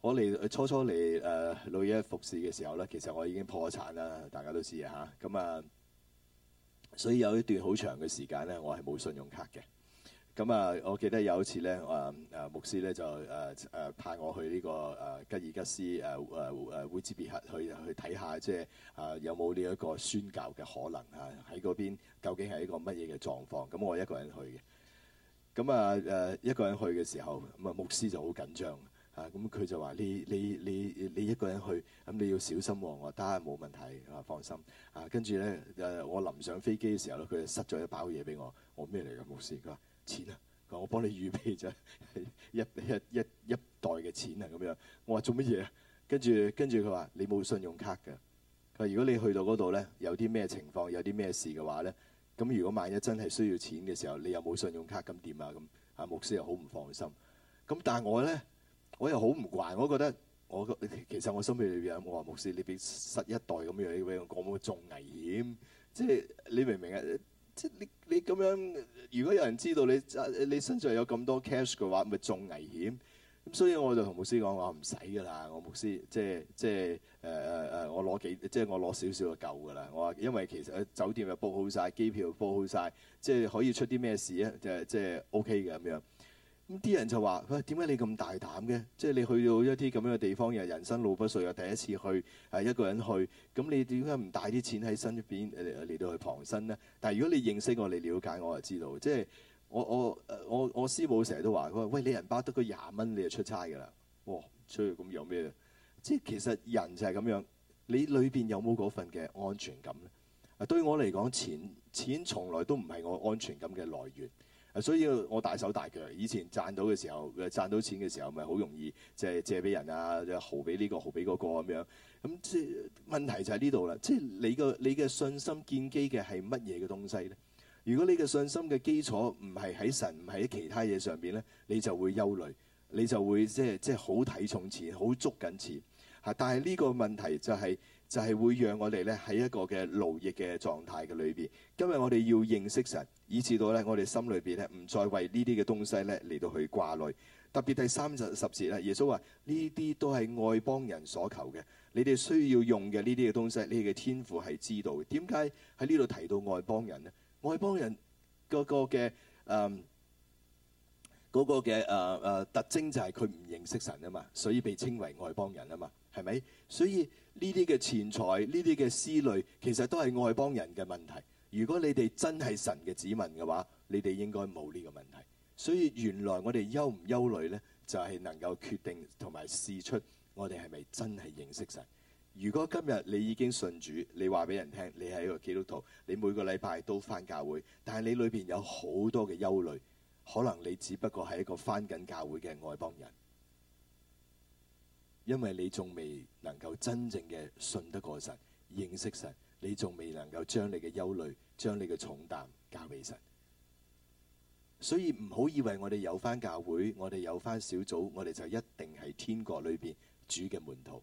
我嚟初初嚟誒老爺服侍嘅時候咧，其實我已經破產啦，大家都知嘅嚇。咁啊，所以有一段好長嘅時間咧，我係冇信用卡嘅。咁啊，我記得有一次咧，話、啊、誒牧師咧就誒誒、啊啊、派我去呢、這個誒、啊、吉爾吉斯誒誒烏茲別克去去睇下，即係啊有冇呢一個宣教嘅可能啊？喺嗰邊究竟係一個乜嘢嘅狀況？咁、啊、我一個人去嘅。咁啊誒一個人去嘅時候，咁啊牧師就好緊張啊！咁、嗯、佢就話：你你你你一個人去，咁、嗯、你要小心喎！我、啊，但係冇問題，啊放心啊！跟住咧誒，我臨上飛機嘅時候咧，佢就塞咗一包嘢俾我。我咩嚟㗎？牧師佢話，錢啊！佢話我幫你預備咗一一一一袋嘅錢啊！咁樣，我話做乜嘢？跟住跟住佢話：你冇信用卡㗎。佢話：如果你去到嗰度咧，有啲咩情況，有啲咩事嘅話咧。咁如果萬一真係需要錢嘅時候，你又冇信用卡，咁點啊？咁啊牧師又好唔放心。咁但係我咧，我又好唔慣。我覺得我其實我心裏邊，我話牧師你俾失一代咁樣，你俾我講，咪仲危險。即係你明唔明啊？即係你你咁樣，如果有人知道你你身上有咁多 cash 嘅話，咪仲危險。嗯、所以我就同牧師講：我唔使㗎啦，我牧師即係即係誒誒誒，我攞幾即係我攞少少就夠㗎啦。我話因為其實酒店又煲好晒，機票煲好晒，即係可以出啲咩事啊？就係即係 OK 嘅咁樣。咁啲人就話：喂，點解你咁大膽嘅？即係你去到一啲咁樣嘅地方又人生路不熟，又第一次去，係一個人去，咁你點解唔帶啲錢喺身入邊嚟到去傍身呢？但係如果你認識我你了解我，我就知道即係。我我誒我我師母成日都話，喂，你人包得個廿蚊，你就出差㗎啦。哇、哦！所以咁有咩？即係其實人就係咁樣，你裏邊有冇嗰份嘅安全感咧？對我嚟講，錢錢從來都唔係我安全感嘅來源。所以我大手大腳。以前賺到嘅時候，賺到錢嘅時候，咪好容易即係借俾人啊，豪俾呢個豪俾嗰個咁樣。咁、嗯、即係問題就喺呢度啦。即係你個你嘅信心建基嘅係乜嘢嘅東西咧？如果你嘅信心嘅基礎唔係喺神，唔係喺其他嘢上邊咧，你就會憂慮，你就會即係即係好睇重錢，好捉緊錢吓。但係呢個問題就係就係會讓我哋咧喺一個嘅勞役嘅狀態嘅裏邊。今日我哋要認識神，以至到咧我哋心裏邊咧唔再為呢啲嘅東西咧嚟到去掛慮。特別第三十十節咧，耶穌話：呢啲都係外邦人所求嘅，你哋需要用嘅呢啲嘅東西，你嘅天父係知道嘅。點解喺呢度提到外邦人咧？外邦人嗰個嘅誒嗰個嘅誒誒特徵就係佢唔認識神啊嘛，所以被稱為外邦人啊嘛，係咪？所以呢啲嘅錢財，呢啲嘅思慮，其實都係外邦人嘅問題。如果你哋真係神嘅子民嘅話，你哋應該冇呢個問題。所以原來我哋憂唔憂慮咧，就係、是、能夠決定同埋試出我哋係咪真係認識神。如果今日你已經信主，你話俾人聽你係一個基督徒，你每個禮拜都返教會，但係你裏邊有好多嘅憂慮，可能你只不過係一個返緊教會嘅外邦人，因為你仲未能夠真正嘅信得過神，認識神，你仲未能夠將你嘅憂慮、將你嘅重擔交俾神。所以唔好以為我哋有返教會，我哋有返小組，我哋就一定係天國裏邊主嘅門徒。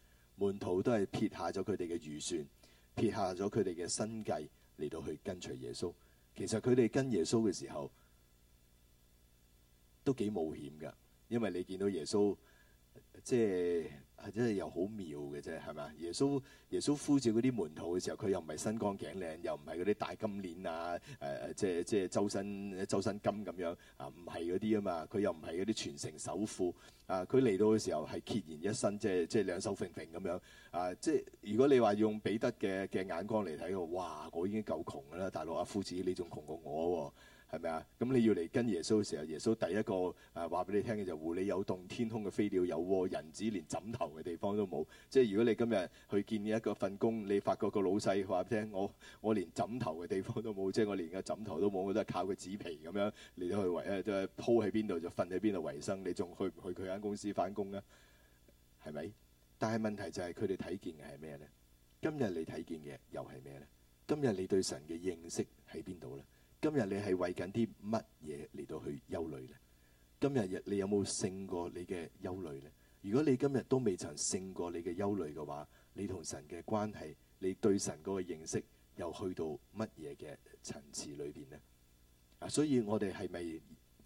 門徒都係撇下咗佢哋嘅預算，撇下咗佢哋嘅生計嚟到去跟隨耶穌，其實佢哋跟耶穌嘅時候都幾冒險噶，因為你見到耶穌。即係啊，真係又好妙嘅啫，係咪？耶穌耶穌呼召嗰啲門徒嘅時候，佢又唔係身光頸靚，又唔係嗰啲大金鏈啊，誒、呃、即係即係周身周身金咁樣啊，唔係嗰啲啊嘛，佢又唔係嗰啲全城首富啊，佢嚟到嘅時候係孑然一身，即係即係兩手揈揈咁樣啊，即係如果你話用彼得嘅嘅眼光嚟睇我，哇，我已經夠窮啦，大佬啊，夫子你仲窮過我。係咪啊？咁你要嚟跟耶穌嘅時候，耶穌第一個誒話俾你聽嘅就：狐狸有洞，天空嘅飛鳥有窩，人子連枕頭嘅地方都冇。即係如果你今日去見一個份工，你發覺個老細話俾你聽：我我連枕頭嘅地方都冇，即係我連個枕頭都冇，我都係靠個紙皮咁樣你都去維誒，就鋪喺邊度就瞓喺邊度維生。你仲去唔去佢間公司翻工啊？係咪？但係問題就係佢哋睇見嘅係咩呢？今日你睇見嘅又係咩呢？今日你對神嘅認識喺邊度呢？今日你係為緊啲乜嘢嚟到去憂慮呢？今日你有冇勝過你嘅憂慮呢？如果你今日都未曾勝過你嘅憂慮嘅話，你同神嘅關係，你對神嗰個認識又去到乜嘢嘅層次裏邊呢？所以我哋係咪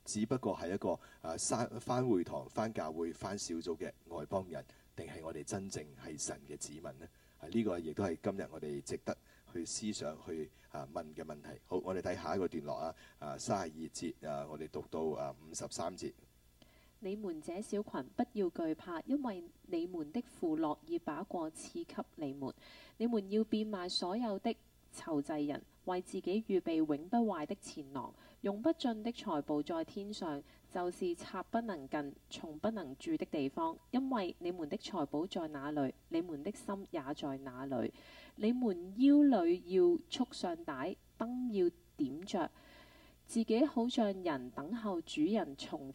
只不過係一個啊，返返會堂、返教會、返小組嘅外邦人，定係我哋真正係神嘅子民呢？呢，啊，呢個亦都係今日我哋值得。去思想，去啊問嘅問題。好，我哋睇下一個段落啊。啊，三十二節，啊，我哋讀到啊五十三節。你們這小群不要懼怕，因為你們的父樂意把國賜給你們，你們要變賣所有的，賙濟人。為自己預備永不壞的錢囊，用不盡的財寶在天上，就是賊不能近、蟲不能蛀的地方。因為你們的財寶在哪裏，你們的心也在哪裏。你們腰裏要束上帶，燈要點着。自己好像人等候主人從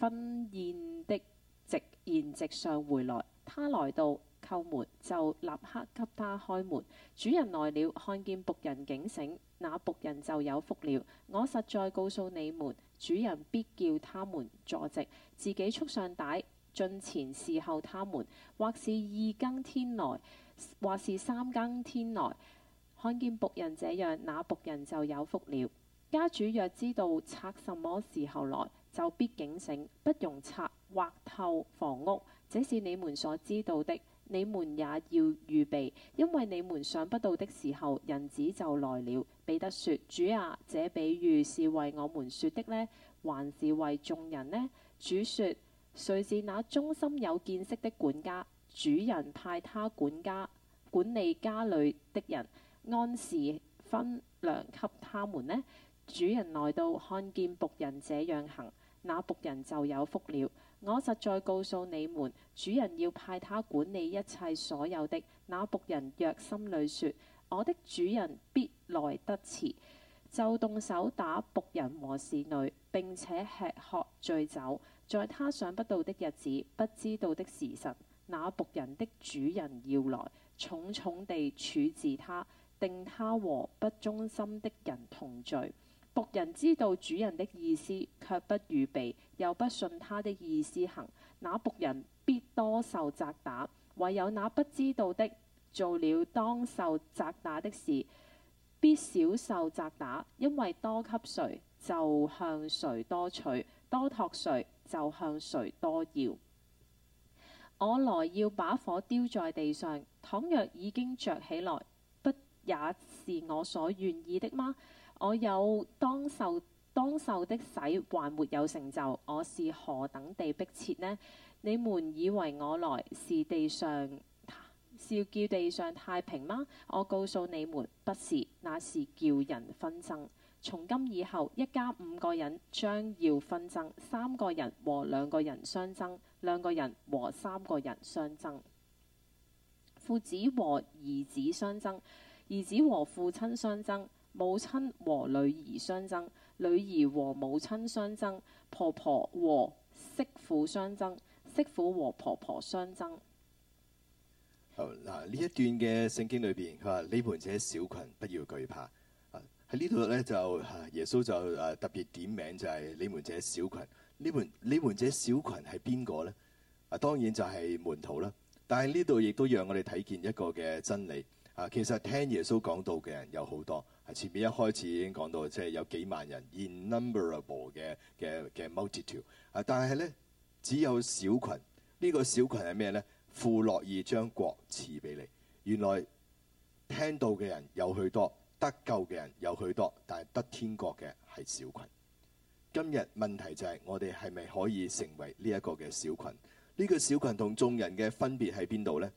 婚宴、呃、的席筵席上回來。他來到。叩門就立刻給他開門。主人來了，看見僕人警醒，那僕人就有福了。我實在告訴你們，主人必叫他們坐席，自己束上帶，進前侍候他們，或是二更天來，或是三更天來，看見僕人這樣，那僕人就有福了。家主若知道賊什麼時候來，就必警醒，不容賊挖透房屋。這是你們所知道的。你們也要預備，因為你們想不到的時候，人子就來了。彼得說：主啊，這比喻是為我們說的呢，還是為眾人呢？」主說：誰是那忠心有見識的管家？主人派他管家管理家裏的人，按時分糧給他們呢。」主人來到，看見僕人這樣行，那僕人就有福了。我實在告訴你們，主人要派他管理一切所有的。那僕人若心裏說：我的主人必來得遲，就動手打僕人和侍女，並且吃喝醉酒，在他想不到的日子、不知道的時辰，那僕人的主人要來，重重地處置他，定他和不忠心的人同罪。僕人知道主人的意思，卻不預備，又不順他的意思行，那僕人必多受責打；唯有那不知道的，做了當受責打的事，必少受責打，因為多給誰，就向誰多取；多託誰，就向誰多要。我來要把火丟在地上，倘若已經着起來，不也是我所願意的嗎？我有當受當受的洗，還沒有成就，我是何等地迫切呢？你們以為我來是地上、啊、是叫地上太平嗎？我告訴你們，不是，那是叫人紛爭。從今以後，一家五個人將要紛爭，三個人和兩個人相爭，兩個人和三個人相爭，父子和兒子相爭，兒子和父親相爭。母親和女兒相爭，女兒和母親相爭；婆婆和媳婦相爭，媳婦和婆婆相爭。好嗱，呢一段嘅聖經裏邊，佢話：你們這小群不要懼怕啊，喺呢度咧就、啊、耶穌就誒特別點名，就係你們這小群。你們你們這小群係邊個咧？啊，當然就係門徒啦。但係呢度亦都讓我哋睇見一個嘅真理啊。其實聽耶穌講道嘅人有好多。前面一開始已經講到，即係有幾萬人，innumerable 嘅嘅嘅 multitude。啊，但係咧只有小群。呢個小群係咩咧？父樂意將國賜俾你。原來聽到嘅人有許多，得救嘅人有許多，但係得天國嘅係小群。今日問題就係我哋係咪可以成為呢一個嘅小群？呢個小群同眾人嘅分別喺邊度咧？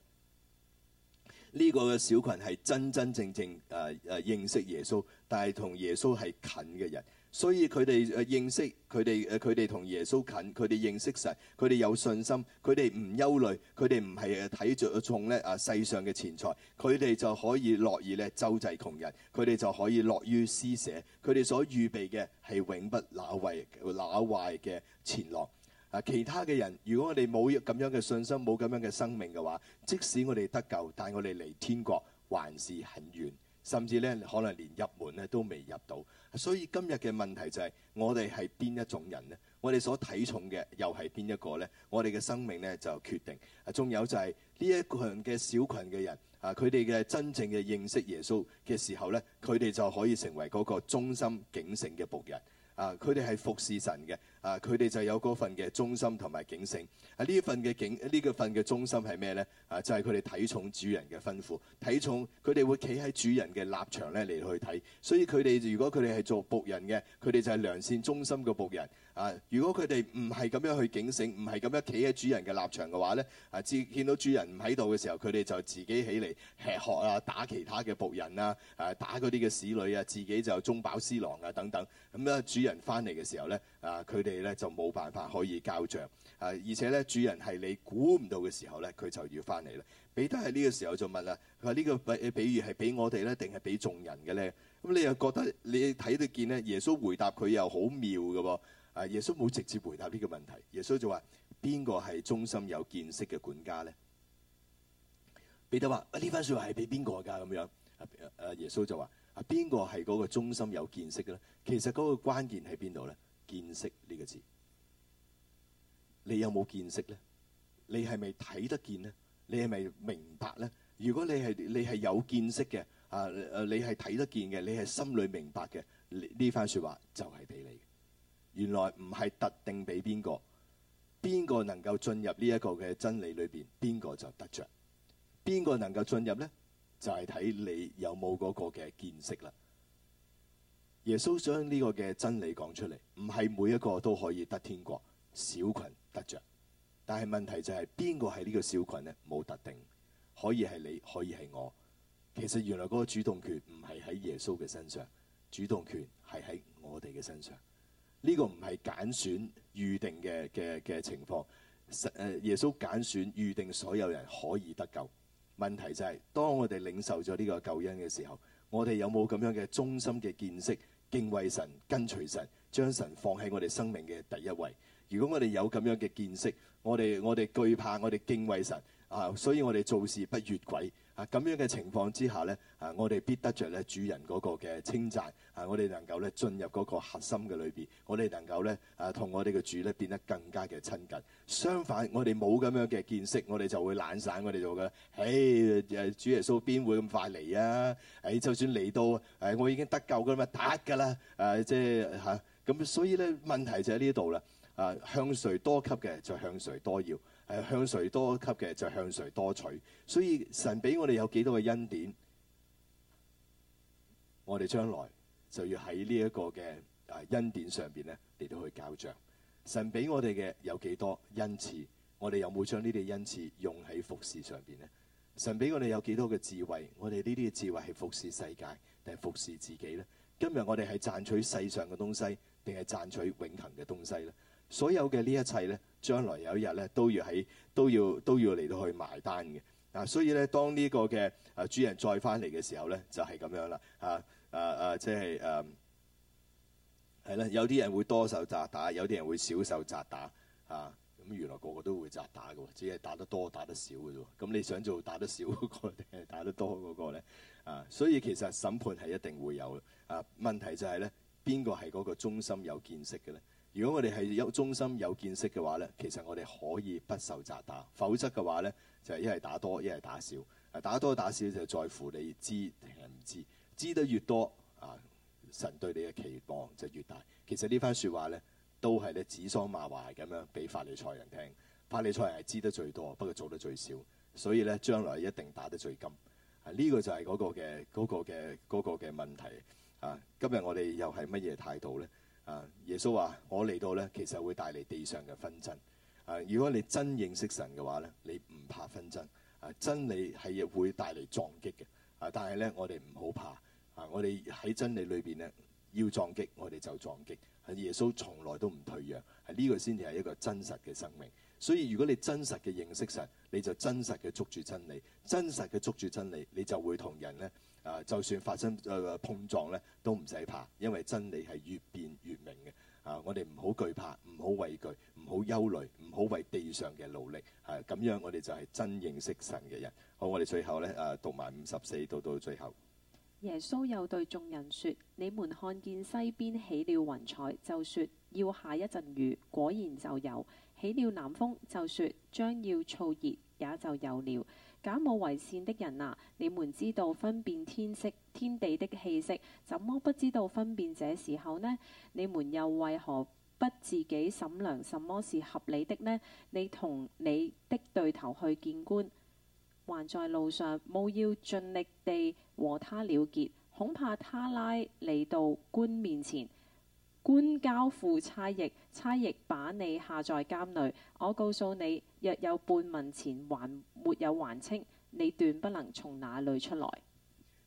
呢個小群係真真正正誒誒、呃、認識耶穌，但係同耶穌係近嘅人，所以佢哋誒認識佢哋誒佢哋同耶穌近，佢哋認識神，佢哋有信心，佢哋唔憂慮，佢哋唔係誒睇着重咧啊世上嘅錢財，佢哋就可以樂意咧周濟窮人，佢哋就可以樂於施捨。佢哋所預備嘅係永不爛壞爛壞嘅錢囊。啊！其他嘅人，如果我哋冇咁樣嘅信心，冇咁樣嘅生命嘅話，即使我哋得救，但係我哋離天國還是很遠，甚至咧可能連入門咧都未入到。所以今日嘅問題就係我哋係邊一種人咧？我哋所睇重嘅又係邊一個咧？我哋嘅生命咧就決定。啊，仲有就係呢一群嘅小群嘅人，啊，佢哋嘅真正嘅認識耶穌嘅時候咧，佢哋就可以成為嗰個忠心警醒嘅僕人。啊，佢哋係服侍神嘅。啊！佢哋就有份嘅忠心同埋警醒。啊！呢一份嘅警呢個份嘅忠心係咩咧？啊！就係佢哋睇重主人嘅吩咐，睇重佢哋會企喺主人嘅立場咧嚟去睇。所以佢哋如果佢哋係做僕人嘅，佢哋就係良善忠心嘅僕人。啊！如果佢哋唔係咁樣去警醒，唔係咁樣企喺主人嘅立場嘅話咧，啊！至見到主人唔喺度嘅時候，佢哋就自己起嚟吃喝啊，打其他嘅僕人啊，啊！打嗰啲嘅使女啊，自己就中飽私囊啊等等。咁、嗯、咧，主人翻嚟嘅時候咧，啊！佢哋你咧就冇辦法可以交賬，啊！而且咧主人係你估唔到嘅時候咧，佢就要翻嚟啦。彼得喺呢個時候就問啦：佢話呢個比、呃、比喻係俾我哋咧，定係俾眾人嘅咧？咁、嗯、你又覺得你睇到見咧？耶穌回答佢又好妙嘅喎！啊，耶穌冇直接回答呢個問題。耶穌就話：邊個係忠心有見識嘅管家咧？彼得、啊、話呢：呢番説話係俾邊個㗎？咁、啊、樣啊？耶穌就話：啊，邊個係嗰個忠心有見識嘅咧？其實嗰個關鍵喺邊度咧？見識,有有見識呢個字，你有冇見識咧？你係咪睇得見咧？你係咪明白咧？如果你係你係有見識嘅，啊誒你係睇得見嘅，你係心裏明白嘅，呢番說話就係俾你。原來唔係特定俾邊個，邊個能夠進入呢一個嘅真理裏邊，邊個就得着。邊個能夠進入咧？就係、是、睇你有冇嗰個嘅見識啦。耶穌將呢個嘅真理講出嚟，唔係每一個都可以得天國，小群得着，但係問題就係邊個係呢個小群呢？冇特定，可以係你，可以係我。其實原來嗰個主動權唔係喺耶穌嘅身上，主動權係喺我哋嘅身上。呢、這個唔係揀選預定嘅嘅嘅情況，呃、耶穌揀選預定所有人可以得救。問題就係、是、當我哋領受咗呢個救恩嘅時候，我哋有冇咁樣嘅忠心嘅見識？敬畏神，跟隨神，將神放喺我哋生命嘅第一位。如果我哋有咁樣嘅見識，我哋我哋懼怕，我哋敬畏神啊，所以我哋做事不越軌。啊咁樣嘅情況之下咧，啊我哋必得著咧主人嗰個嘅稱讚啊！我哋能夠咧進入嗰個核心嘅裏邊，我哋能夠咧啊同我哋嘅主咧變得更加嘅親近。相反，我哋冇咁樣嘅見識，我哋就會懶散。我哋就覺得，誒誒主耶穌邊會咁快嚟啊？誒就算嚟到誒，我已經得救噶啦，打噶啦誒，即係嚇咁。所以咧問題就喺呢度啦。啊向誰多給嘅，就向誰多要。係向誰多給嘅就向誰多取，所以神俾我哋有幾多嘅恩典，我哋將來就要喺呢一個嘅啊恩典上邊咧，嚟到去交帳。神俾我哋嘅有幾多恩賜，我哋有冇將呢啲恩賜用喺服侍上邊咧？神俾我哋有幾多嘅智慧，我哋呢啲智慧係服侍世界定係服侍自己咧？今日我哋係賺取世上嘅東西定係賺取永恆嘅東西咧？所有嘅呢一切咧。將來有一日咧，都要喺都要都要嚟到去埋單嘅。嗱、啊，所以咧，當呢個嘅啊主人再返嚟嘅時候咧，就係、是、咁樣啦。啊啊啊，即係誒，係、啊、啦，有啲人會多受責打，有啲人會少受責打。啊，咁原來個個都會責打嘅，只係打得多打得少嘅啫。咁你想做打得少嗰、嗰個定係打得多嗰個咧？啊，所以其實審判係一定會有啊。問題就係咧，邊個係嗰個忠心有見識嘅咧？如果我哋係有忠心有見識嘅話咧，其實我哋可以不受責打；否則嘅話咧，就係一係打多，一係打少。打多打少就在乎你知定唔知？知得越多，啊神對你嘅期望就越大。其實番呢番説話咧，都係咧指桑罵槐咁樣俾法利賽人聽。法利賽人係知得最多，不過做得最少，所以咧將來一定打得最甘。呢、啊呢個就係嗰個嘅嗰嘅嗰嘅問題啊！今日我哋又係乜嘢態度咧？啊！耶穌話：我嚟到呢，其實會帶嚟地上嘅紛爭。啊！如果你真認識神嘅話呢，你唔怕紛爭。啊！真理係亦會帶嚟撞擊嘅。啊！但係呢，我哋唔好怕。啊！我哋喺真理裏邊呢，要撞擊，我哋就撞擊。係、啊、耶穌從來都唔退讓。係、啊、呢、呢個先至係一個真實嘅生命。所以如果你真實嘅認識神，你就真實嘅捉住真理，真實嘅捉住真理，你就會同人呢。啊！就算發生、呃、碰撞咧，都唔使怕，因為真理係越變越明嘅。啊！我哋唔好懼怕，唔好畏懼，唔好憂慮，唔好為地上嘅努力。係、啊、咁樣，我哋就係真認識神嘅人。好，我哋最後呢，誒讀埋五十四，讀到最後。耶穌又對眾人説：你們看見西邊起了雲彩，就説要下一陣雨，果然就有；起了南風，就説將要燥熱，也就有了。假冒為善的人啊，你們知道分辨天色、天地的氣息，怎麼不知道分辨這時候呢？你們又為何不自己審量什麼是合理的呢？你同你的對頭去見官，還在路上，務要盡力地和他了結，恐怕他拉你到官面前。官交付差役，差役把你下在監內。我告訴你，若有半文錢還沒有還清，你斷不能從那裏出來。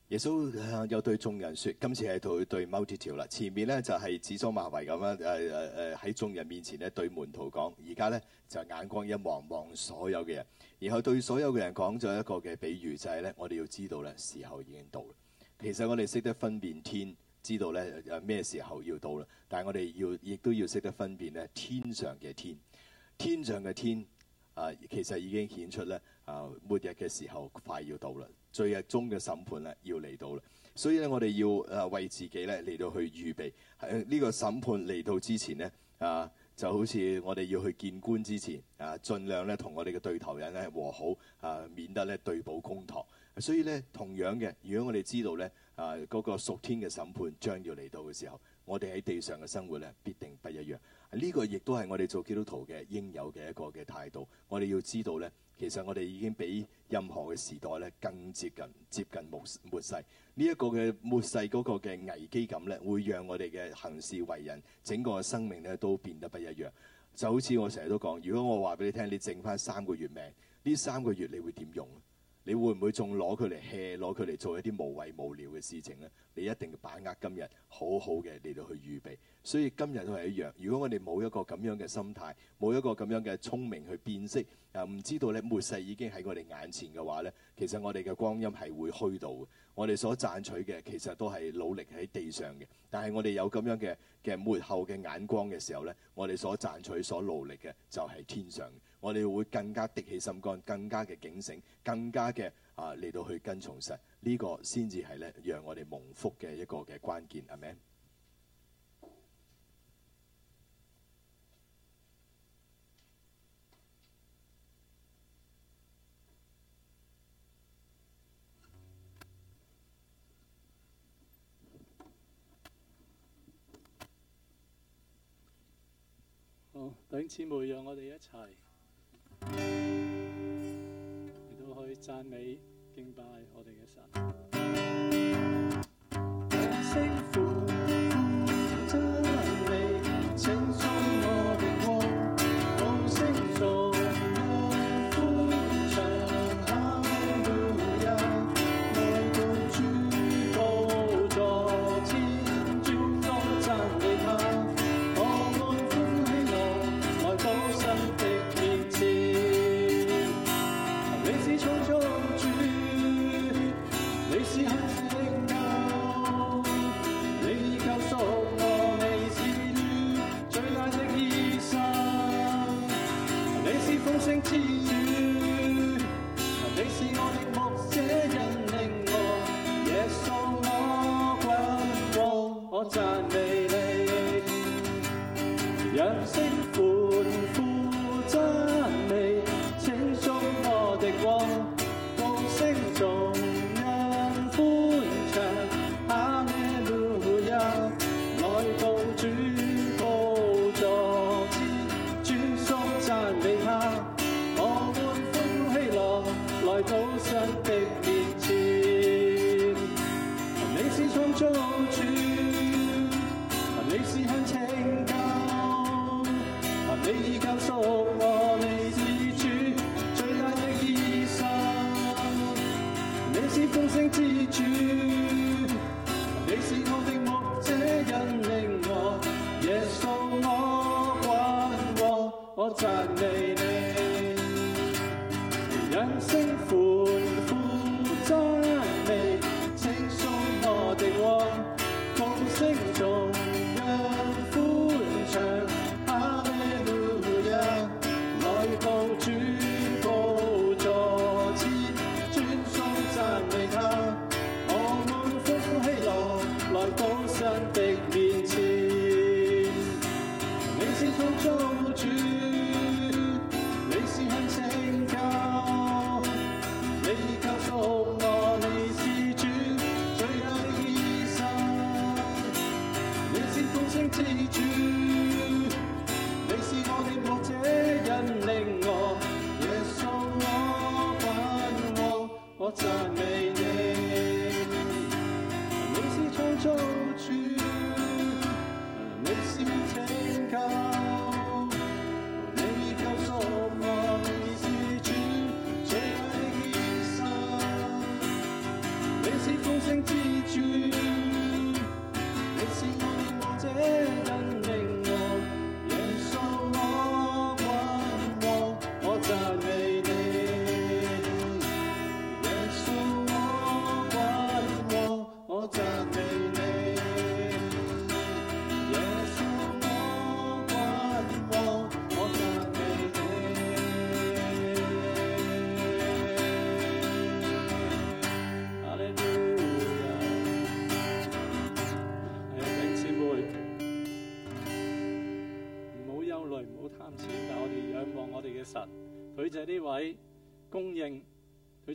耶穌又、啊、對眾人說：今次係對 multitude 啦。前面呢就係、是、指桑罵槐咁啦，誒誒誒喺眾人面前呢，對門徒講，而家呢，就眼光一望望所有嘅人，然後對所有嘅人講咗一個嘅比喻，就係、是、呢：「我哋要知道呢，時候已經到。其實我哋識得分辨天。知道咧誒咩時候要到啦，但係我哋要亦都要識得分辨咧天上嘅天，天上嘅天啊，其實已經顯出咧啊末日嘅時候快要到啦，最日終嘅審判咧要嚟到啦，所以咧我哋要誒為自己咧嚟到去預備喺呢、啊呢個審判嚟到之前呢，啊，就好似我哋要去見官之前啊，儘量咧同我哋嘅對頭人咧和好啊，免得咧對簿公堂。所以咧同樣嘅，如果我哋知道咧。啊！嗰、那個屬天嘅審判將要嚟到嘅時候，我哋喺地上嘅生活咧必定不一樣。呢、這個亦都係我哋做基督徒嘅應有嘅一個嘅態度。我哋要知道咧，其實我哋已經比任何嘅時代咧更接近接近末末世。這個、世呢一個嘅末世嗰個嘅危機感咧，會讓我哋嘅行事為人整個嘅生命咧都變得不一樣。就好似我成日都講，如果我話俾你聽，你剩翻三個月命，呢三個月你會點用？你會唔會仲攞佢嚟吃，攞佢嚟做一啲無謂無聊嘅事情呢？你一定要把握今日好好嘅嚟到去預備。所以今日都係一樣，如果我哋冇一個咁樣嘅心態，冇一個咁樣嘅聰明去辨識，啊，唔知道咧末世已經喺我哋眼前嘅話呢，其實我哋嘅光陰係會虛度嘅。我哋所賺取嘅，其實都係努力喺地上嘅。但係我哋有咁樣嘅嘅末後嘅眼光嘅時候呢，我哋所賺取、所努力嘅就係、是、天上。我哋會更加滴起心肝，更加嘅警醒，更加嘅啊嚟到去跟從神，呢、這個先至係呢，讓我哋蒙福嘅一個嘅關鍵。Amen。弟兄姊妹，讓我哋一齊， 亦都可以讚美敬拜我哋嘅神。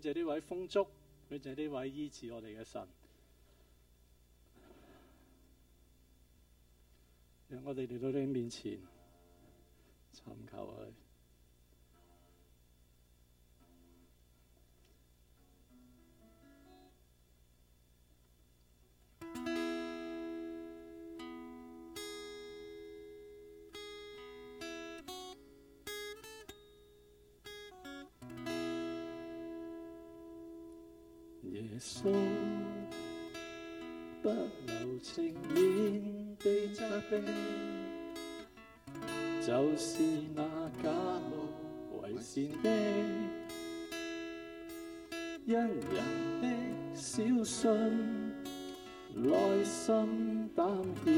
謝呢位豐足，佢就係呢位醫治我哋嘅神，讓我哋嚟到你面前，尋求佢。 耶穌不留情面地責備，就是那假冒為善的，人人的小信，內心膽怯，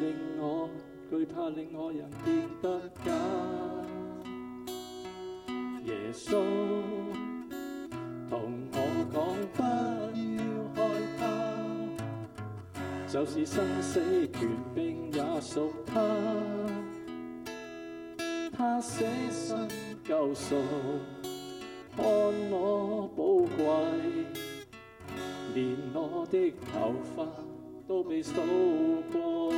令我懼怕，令我人變得假。耶穌。同我講不要害怕，就算生死權柄也屬他。他捨身救贖，看我寶貴，連我的頭髮都被數過。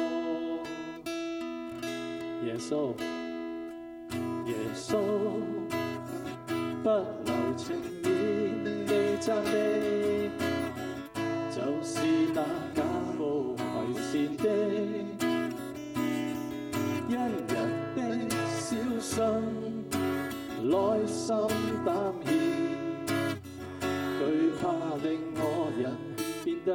耶穌。耶穌，耶穌，不留情。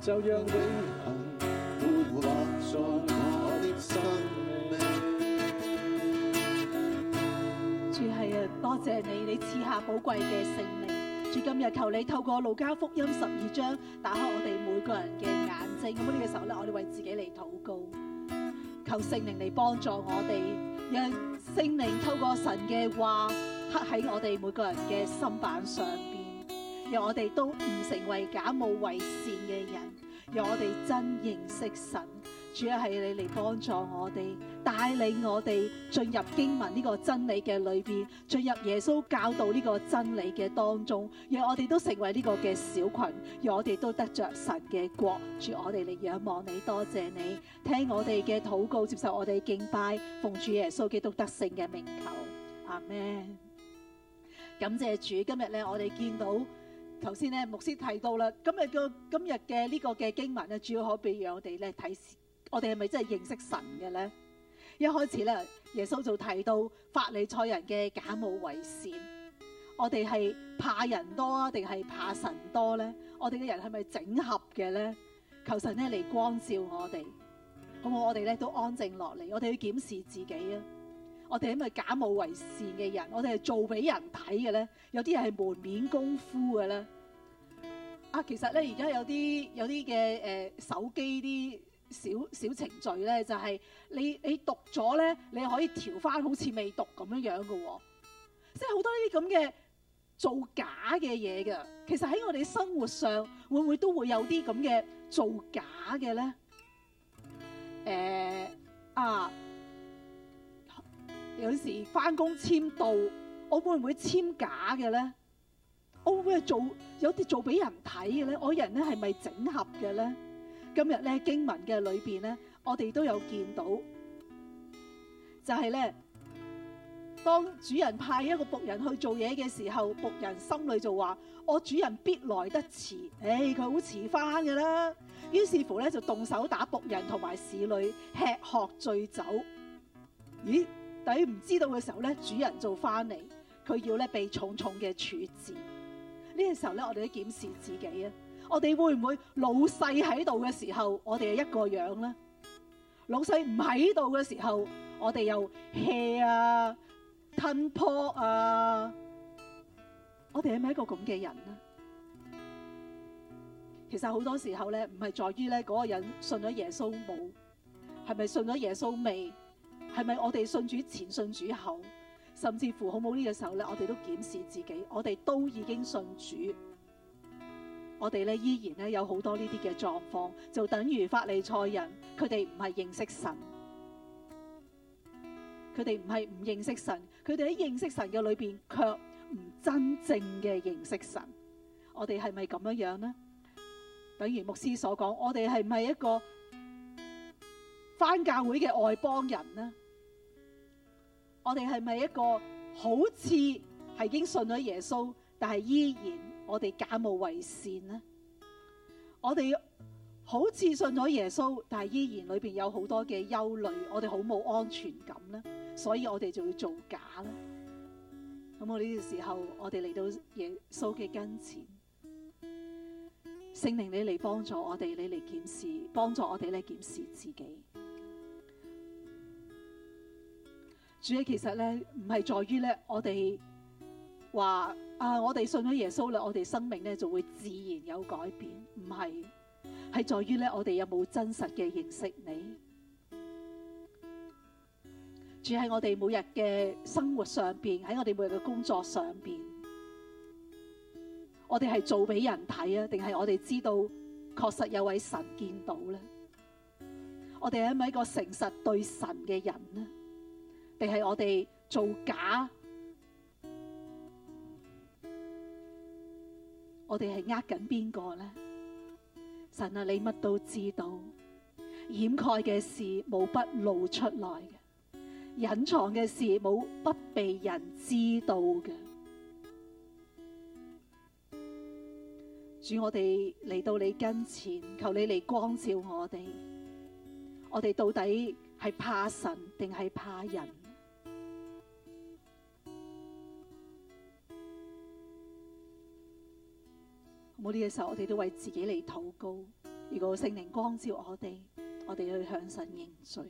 就讓永恒活畫在我的生命。主，係啊，多謝你，你賜下寶貴嘅聖靈。主，今日求你透過路加福音十二章，打開我哋每個人嘅眼睛。咁呢個時候咧，我哋為自己嚟禱告，求聖靈嚟幫助我哋，讓聖靈透過神嘅話刻喺我哋每個人嘅心板上。讓我哋都唔成為假冒為善嘅人，讓我哋真認識神。主係你嚟幫助我哋，帶領我哋進入經文呢個真理嘅裏邊，進入耶穌教導呢個真理嘅當中。讓我哋都成為呢個嘅小群，讓我哋都得着神嘅國。主，我哋嚟仰望你，多謝你，聽我哋嘅禱告，接受我哋敬拜，奉主耶穌基督得勝嘅名求。阿門。感謝主，今日咧我哋見到。頭先咧，牧師提到啦，咁啊個今日嘅呢個嘅經文咧，主要可俾我哋咧睇，我哋係咪真係認識神嘅咧？一開始咧，耶穌就提到法利賽人嘅假冒為善，我哋係怕人多啊，定係怕神多咧？我哋嘅人係咪整合嘅咧？求神咧嚟光照我哋，好唔好？我哋咧都安靜落嚟，我哋要檢視自己啊！我哋係咪假冒為善嘅人？我哋係做俾人睇嘅咧，有啲嘢係門面功夫嘅咧。啊，其實咧而家有啲有啲嘅誒手機啲小小程序咧，就係你你讀咗咧，你可以調翻好似未讀咁樣樣嘅喎。即係好多呢啲咁嘅造假嘅嘢嘅，其實喺我哋生活上會唔會都會有啲咁嘅造假嘅咧？誒啊！有時返工簽到，我會唔會簽假嘅咧？我會唔會做有啲做俾人睇嘅咧？我人咧係咪整合嘅咧？今日咧經文嘅裏邊咧，我哋都有見到，就係咧，當主人派一個僕人去做嘢嘅時候，僕人心裏就話：我主人必來得遲，誒佢好遲返嘅啦。於是乎咧就動手打僕人同埋侍女，吃喝醉酒，咦？等於唔知道嘅時候咧，主人做返嚟，佢要咧被重重嘅處置。呢個時候咧，我哋都檢視自己啊！我哋會唔會老細喺度嘅時候，我哋係一個樣咧？老細唔喺度嘅時候，我哋又 hea 啊、吞泡啊，我哋係咪一個咁嘅人咧？其實好多時候咧，唔係在於咧嗰個人信咗耶穌冇，係咪信咗耶穌未？係咪我哋信主前信主後，甚至乎好冇呢個時候咧，我哋都檢視自己，我哋都已經信主，我哋咧依然咧有好多呢啲嘅狀況，就等於法利賽人，佢哋唔係認識神，佢哋唔係唔認識神，佢哋喺認識神嘅裏邊，卻唔真正嘅認識神。我哋係咪咁樣樣呢？等於牧師所講，我哋係唔係一個翻教會嘅外邦人呢？我哋係咪一個好似係已經信咗耶穌，但係依然我哋假冒為善呢？我哋好似信咗耶穌，但係依然裏邊有好多嘅憂慮，我哋好冇安全感呢，所以我哋就要做假啦。咁我呢個時候，我哋嚟到耶穌嘅跟前，聖靈你嚟幫助我哋，你嚟檢視，幫助我哋嚟檢視自己。主嘅其實咧，唔係在於咧，我哋話啊，我哋信咗耶穌啦，我哋生命咧就會自然有改變。唔係，係在於咧，我哋有冇真實嘅認識你。主喺我哋每日嘅生活上邊，喺我哋每日嘅工作上邊，我哋係做俾人睇啊，定係我哋知道確實有位神見到咧？我哋係咪一個誠實對神嘅人呢？定係我哋做假，我哋係呃緊邊個呢？神啊，你乜都知道，掩蓋嘅事冇不露出來嘅，隱藏嘅事冇不被人知道嘅。主，我哋嚟到你跟前，求你嚟光照我哋，我哋到底係怕神定係怕人？冇呢嘅時候，我哋都為自己嚟禱告。如果聖靈光照我哋，我哋要向神認罪。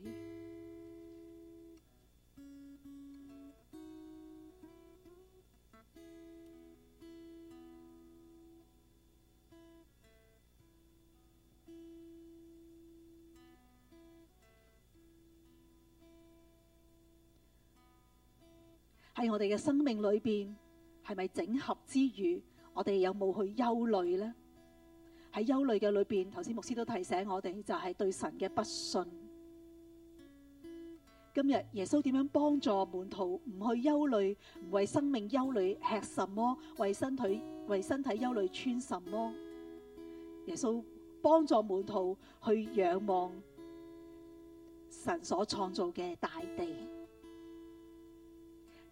喺我哋嘅生命裏邊，係咪整合之餘？我哋有冇去憂慮呢？喺憂慮嘅裏邊，頭先牧師都提醒我哋，就係對神嘅不信。今日耶穌點樣幫助門徒唔去憂慮，唔為生命憂慮，吃什麼，為身體為身體憂慮，穿什麼？耶穌幫助門徒去仰望神所創造嘅大地，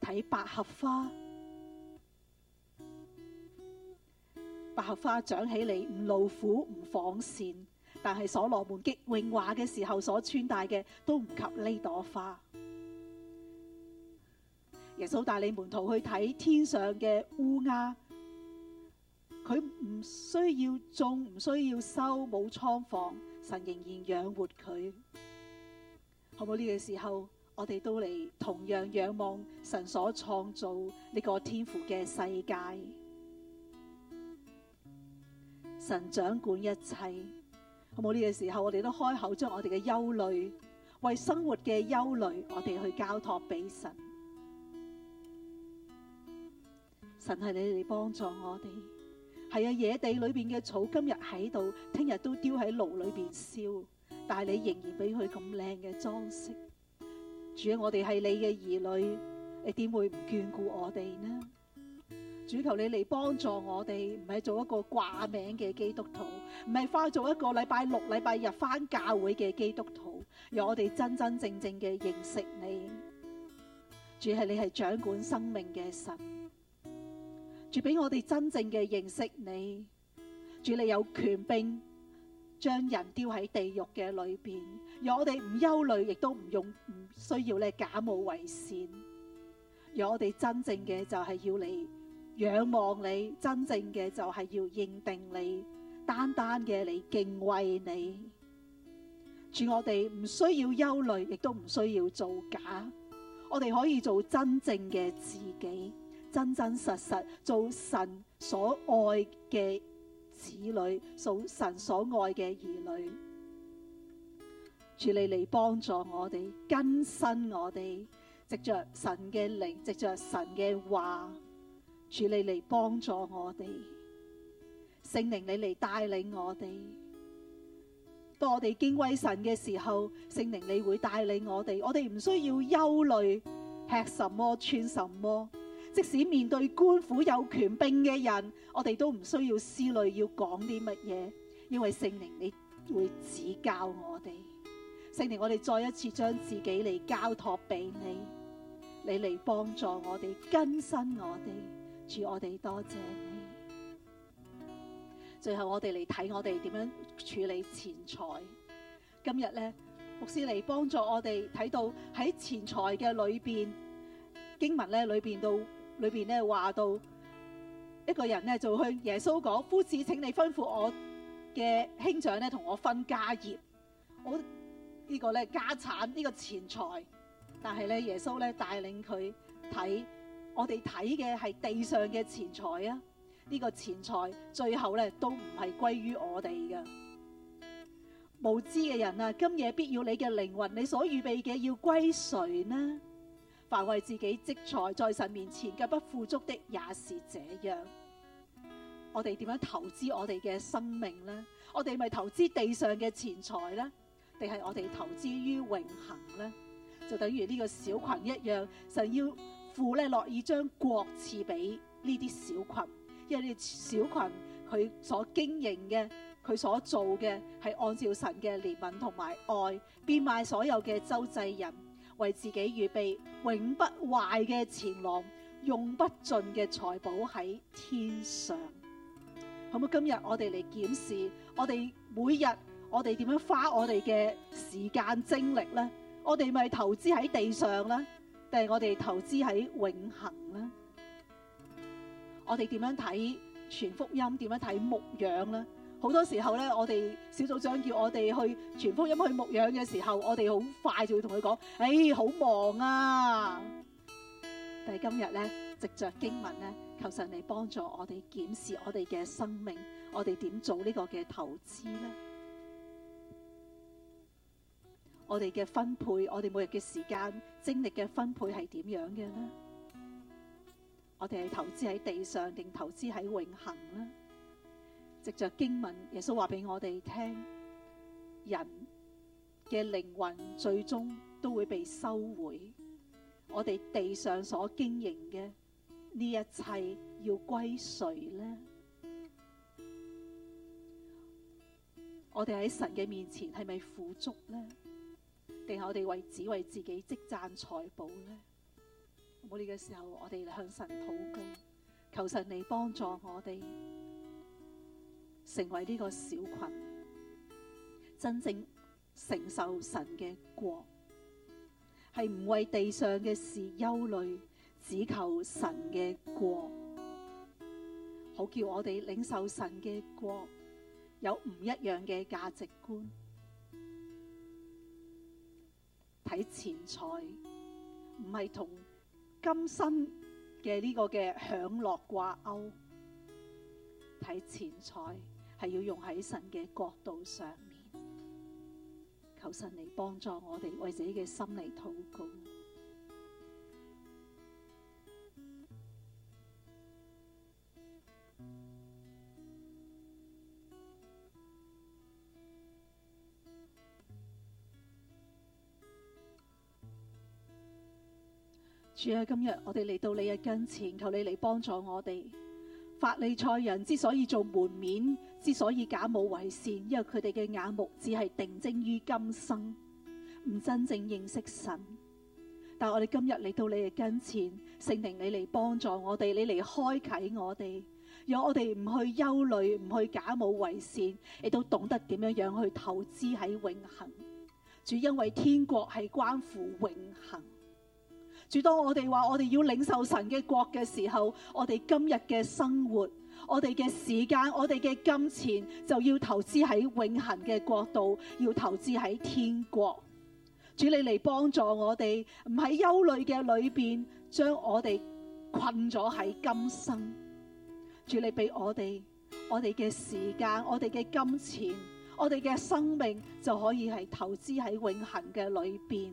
睇百合花。百合花長起嚟唔勞苦唔紡線，但係所羅門極榮華嘅時候所穿戴嘅都唔及呢朵花。耶穌帶你門徒去睇天上嘅烏鴉，佢唔需要種，唔需要收，冇倉房，神仍然養活佢。好唔好呢？這個時候我哋都嚟同樣仰望神所創造呢個天父嘅世界。神掌管一切，好，呢個時候，我哋都開口將我哋嘅憂慮，為生活嘅憂慮，我哋去交託俾神。神係你哋幫助我哋，係啊，野地裏邊嘅草今日喺度，聽日都丟喺爐裏邊燒，但係你仍然俾佢咁靚嘅裝飾。主，我哋係你嘅兒女，你點會唔眷顧我哋呢？主求你嚟幫助我哋，唔係做一個掛名嘅基督徒，唔係花做一個禮拜六禮拜日翻教會嘅基督徒，有我哋真真正正嘅認識你。主係你係掌管生命嘅神，主俾我哋真正嘅認識你。主，你有權柄將人丟喺地獄嘅裏邊，讓我哋唔憂慮，亦都唔用唔需要你假冒為善，讓我哋真正嘅就係要你。仰望你，真正嘅就係要認定你，單單嘅你，敬畏你。主，我哋唔需要憂慮，亦都唔需要造假，我哋可以做真正嘅自己，真真實實做神所愛嘅子女，做神所愛嘅兒女。主，你嚟幫助我哋，更新我哋，藉着神嘅靈，藉着神嘅話。主，你嚟幫助我哋，聖靈你嚟帶領我哋。當我哋敬畏神嘅時候，聖靈你會帶領我哋。我哋唔需要憂慮，吃什麼穿什麼。即使面對官府有權柄嘅人，我哋都唔需要思慮要講啲乜嘢，因為聖靈你會指教我哋。聖靈，我哋再一次將自己嚟交託俾你，你嚟幫助我哋，更新我哋。主我哋多謝你。最後我哋嚟睇我哋點樣處理錢財。今日咧，牧師嚟幫助我哋睇到喺錢財嘅裏邊經文咧，裏邊到裏邊咧話到一個人咧就向耶穌講，夫子請你吩咐我嘅兄長咧同我分家業。我、這個、呢個咧家產呢、這個錢財，但係咧耶穌咧帶領佢睇。我哋睇嘅係地上嘅錢財啊，呢個錢財最後咧都唔係歸於我哋嘅。無知嘅人啊，今夜必要你嘅靈魂，你所預備嘅要歸誰呢？凡為自己積財在神面前嘅不富足的也是這樣。我哋點樣投資我哋嘅生命呢？我哋咪投資地上嘅錢財呢？定係我哋投資於永恆呢？就等於呢個小群一樣，想要。父咧樂意將國賜俾呢啲小群，因為呢小群佢所經營嘅、佢所做嘅係按照神嘅憐憫同埋愛，變賣所有嘅周濟人，為自己預備永不壞嘅錢囊、用不盡嘅財寶喺天上。好冇？今日我哋嚟檢視我哋每日，我哋點樣花我哋嘅時間精力咧？我哋咪投資喺地上咧？定係我哋投資喺永恆啦，我哋點樣睇傳福音？點樣睇牧養咧？好多時候咧，我哋小組長叫我哋去傳福音、去牧養嘅時候，我哋好快就會同佢講：唉、哎，好忙啊！但係今日咧，藉着經文咧，求神嚟幫助我哋檢視我哋嘅生命，我哋點做呢個嘅投資咧？我哋嘅分配，我哋每日嘅時間、精力嘅分配係點樣嘅呢？我哋係投資喺地上定投資喺永恒呢？藉着經文，耶穌話俾我哋聽，人嘅靈魂最終都會被收回。我哋地上所經營嘅呢一切要歸誰呢？我哋喺神嘅面前係咪富足呢？定係我哋為只為自己積攢財寶呢？冇呢嘅時候，我哋向神禱告，求神你幫助我哋成為呢個小群，真正承受神嘅國，係唔為地上嘅事憂慮，只求神嘅國，好叫我哋領受神嘅國，有唔一樣嘅價值觀。睇錢財唔係同今生嘅呢個嘅享樂掛鈎，睇錢財係要用喺神嘅角度上面，求神嚟幫助我哋，為自己嘅心嚟禱告。主啊，今日我哋嚟到你嘅跟前，求你嚟幫助我哋。法利賽人之所以做門面，之所以假冒為善，因為佢哋嘅眼目只係定睛於今生，唔真正認識神。但我哋今日嚟到你嘅跟前，聖靈你嚟幫助我哋，你嚟開啟我哋，若我哋唔去憂慮，唔去假冒為善，亦都懂得點樣樣去投資喺永恆。主，因為天國係關乎永恆。主，當我哋話我哋要領受神嘅國嘅時候，我哋今日嘅生活、我哋嘅時間、我哋嘅金錢就要投資喺永恒嘅國度，要投資喺天國。主，你嚟幫助我哋，唔喺憂慮嘅裏邊將我哋困咗喺今生。主，你俾我哋，我哋嘅時間、我哋嘅金錢、我哋嘅生命就可以係投資喺永恒嘅裏邊。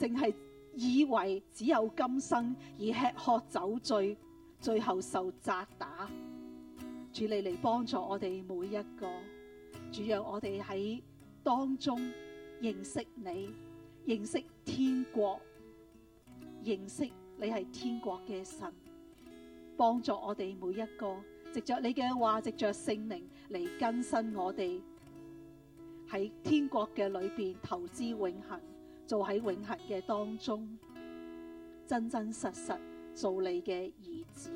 淨係以為只有今生以吃喝酒醉，最後受責打。主你嚟幫助我哋每一個，主讓我哋喺當中認識你，認識天國，認識你係天國嘅神，幫助我哋每一個，藉着你嘅話，藉着聖靈嚟更新我哋喺天國嘅裏邊投資永恆。做喺永恒嘅當中，真真實實做你嘅兒子，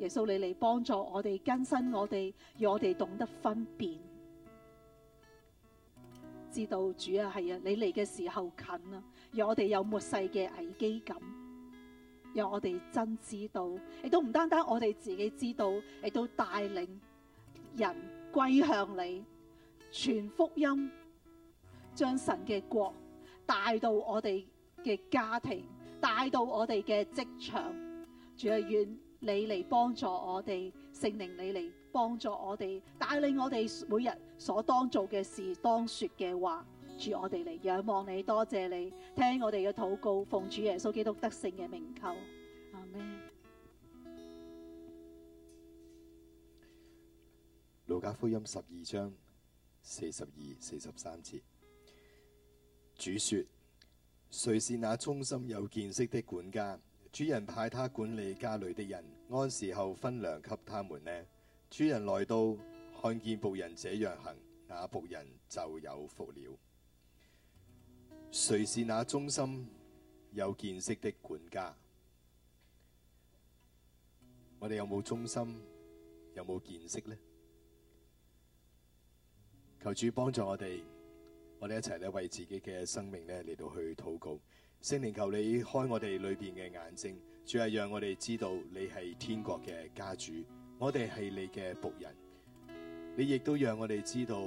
耶穌，你嚟幫助我哋更新我哋，要我哋懂得分辨，知道主啊係啊，你嚟嘅時候近啦，讓我哋有末世嘅危機感，讓我哋真知道，亦都唔單單我哋自己知道，亦都帶領人歸向你，傳福音，將神嘅國。帶到我哋嘅家庭，帶到我哋嘅職場，主啊，願你嚟幫助我哋，聖靈你嚟幫助我哋，帶領我哋每日所當做嘅事，當說嘅話，主，我哋嚟仰望你，多謝你，聽我哋嘅禱告，奉主耶穌基督得勝嘅名求，阿門。路加福音十二章四十二、四十三節。主說：誰是那忠心有見識的管家？主人派他管理家裏的人，按時候分糧給他們呢？主人來到，看見僕人這樣行，那僕人就有福了。誰是那忠心有見識的管家？我哋有冇忠心？有冇見識呢？求主幫助我哋。我哋一齊咧，為自己嘅生命咧，嚟到去禱告。聖靈求你開我哋裏邊嘅眼睛，主要係讓我哋知道你係天國嘅家主，我哋係你嘅僕人。你亦都讓我哋知道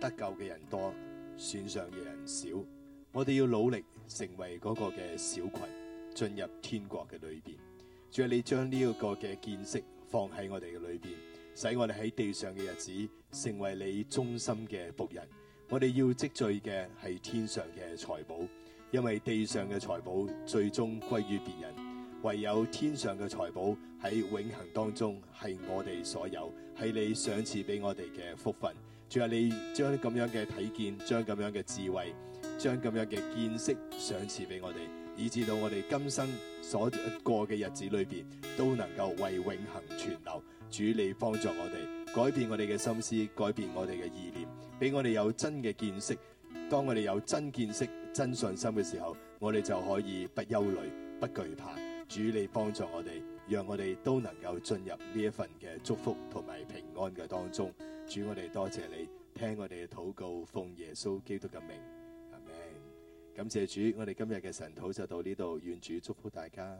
得救嘅人多，選上嘅人少。我哋要努力成為嗰個嘅小群，進入天國嘅裏邊。主要你將呢一個嘅見識放喺我哋嘅裏邊，使我哋喺地上嘅日子成為你忠心嘅僕人。我哋要積聚嘅係天上嘅財寶，因為地上嘅財寶最終歸於別人，唯有天上嘅財寶喺永恆當中係我哋所有，係你賞賜俾我哋嘅福分。仲有你將咁樣嘅睇見，將咁樣嘅智慧，將咁樣嘅見識賞賜俾我哋，以至到我哋今生所過嘅日子裏邊都能夠為永恆存留。主，你幫助我哋。改變我哋嘅心思，改變我哋嘅意念，俾我哋有真嘅見識。當我哋有真見識、真信心嘅時候，我哋就可以不憂慮、不懼怕。主你幫助我哋，讓我哋都能夠進入呢一份嘅祝福同埋平安嘅當中。主我哋多謝你，聽我哋嘅禱告，奉耶穌基督嘅名。Amen。感謝主，我哋今日嘅晨禱就到呢度，願主祝福大家。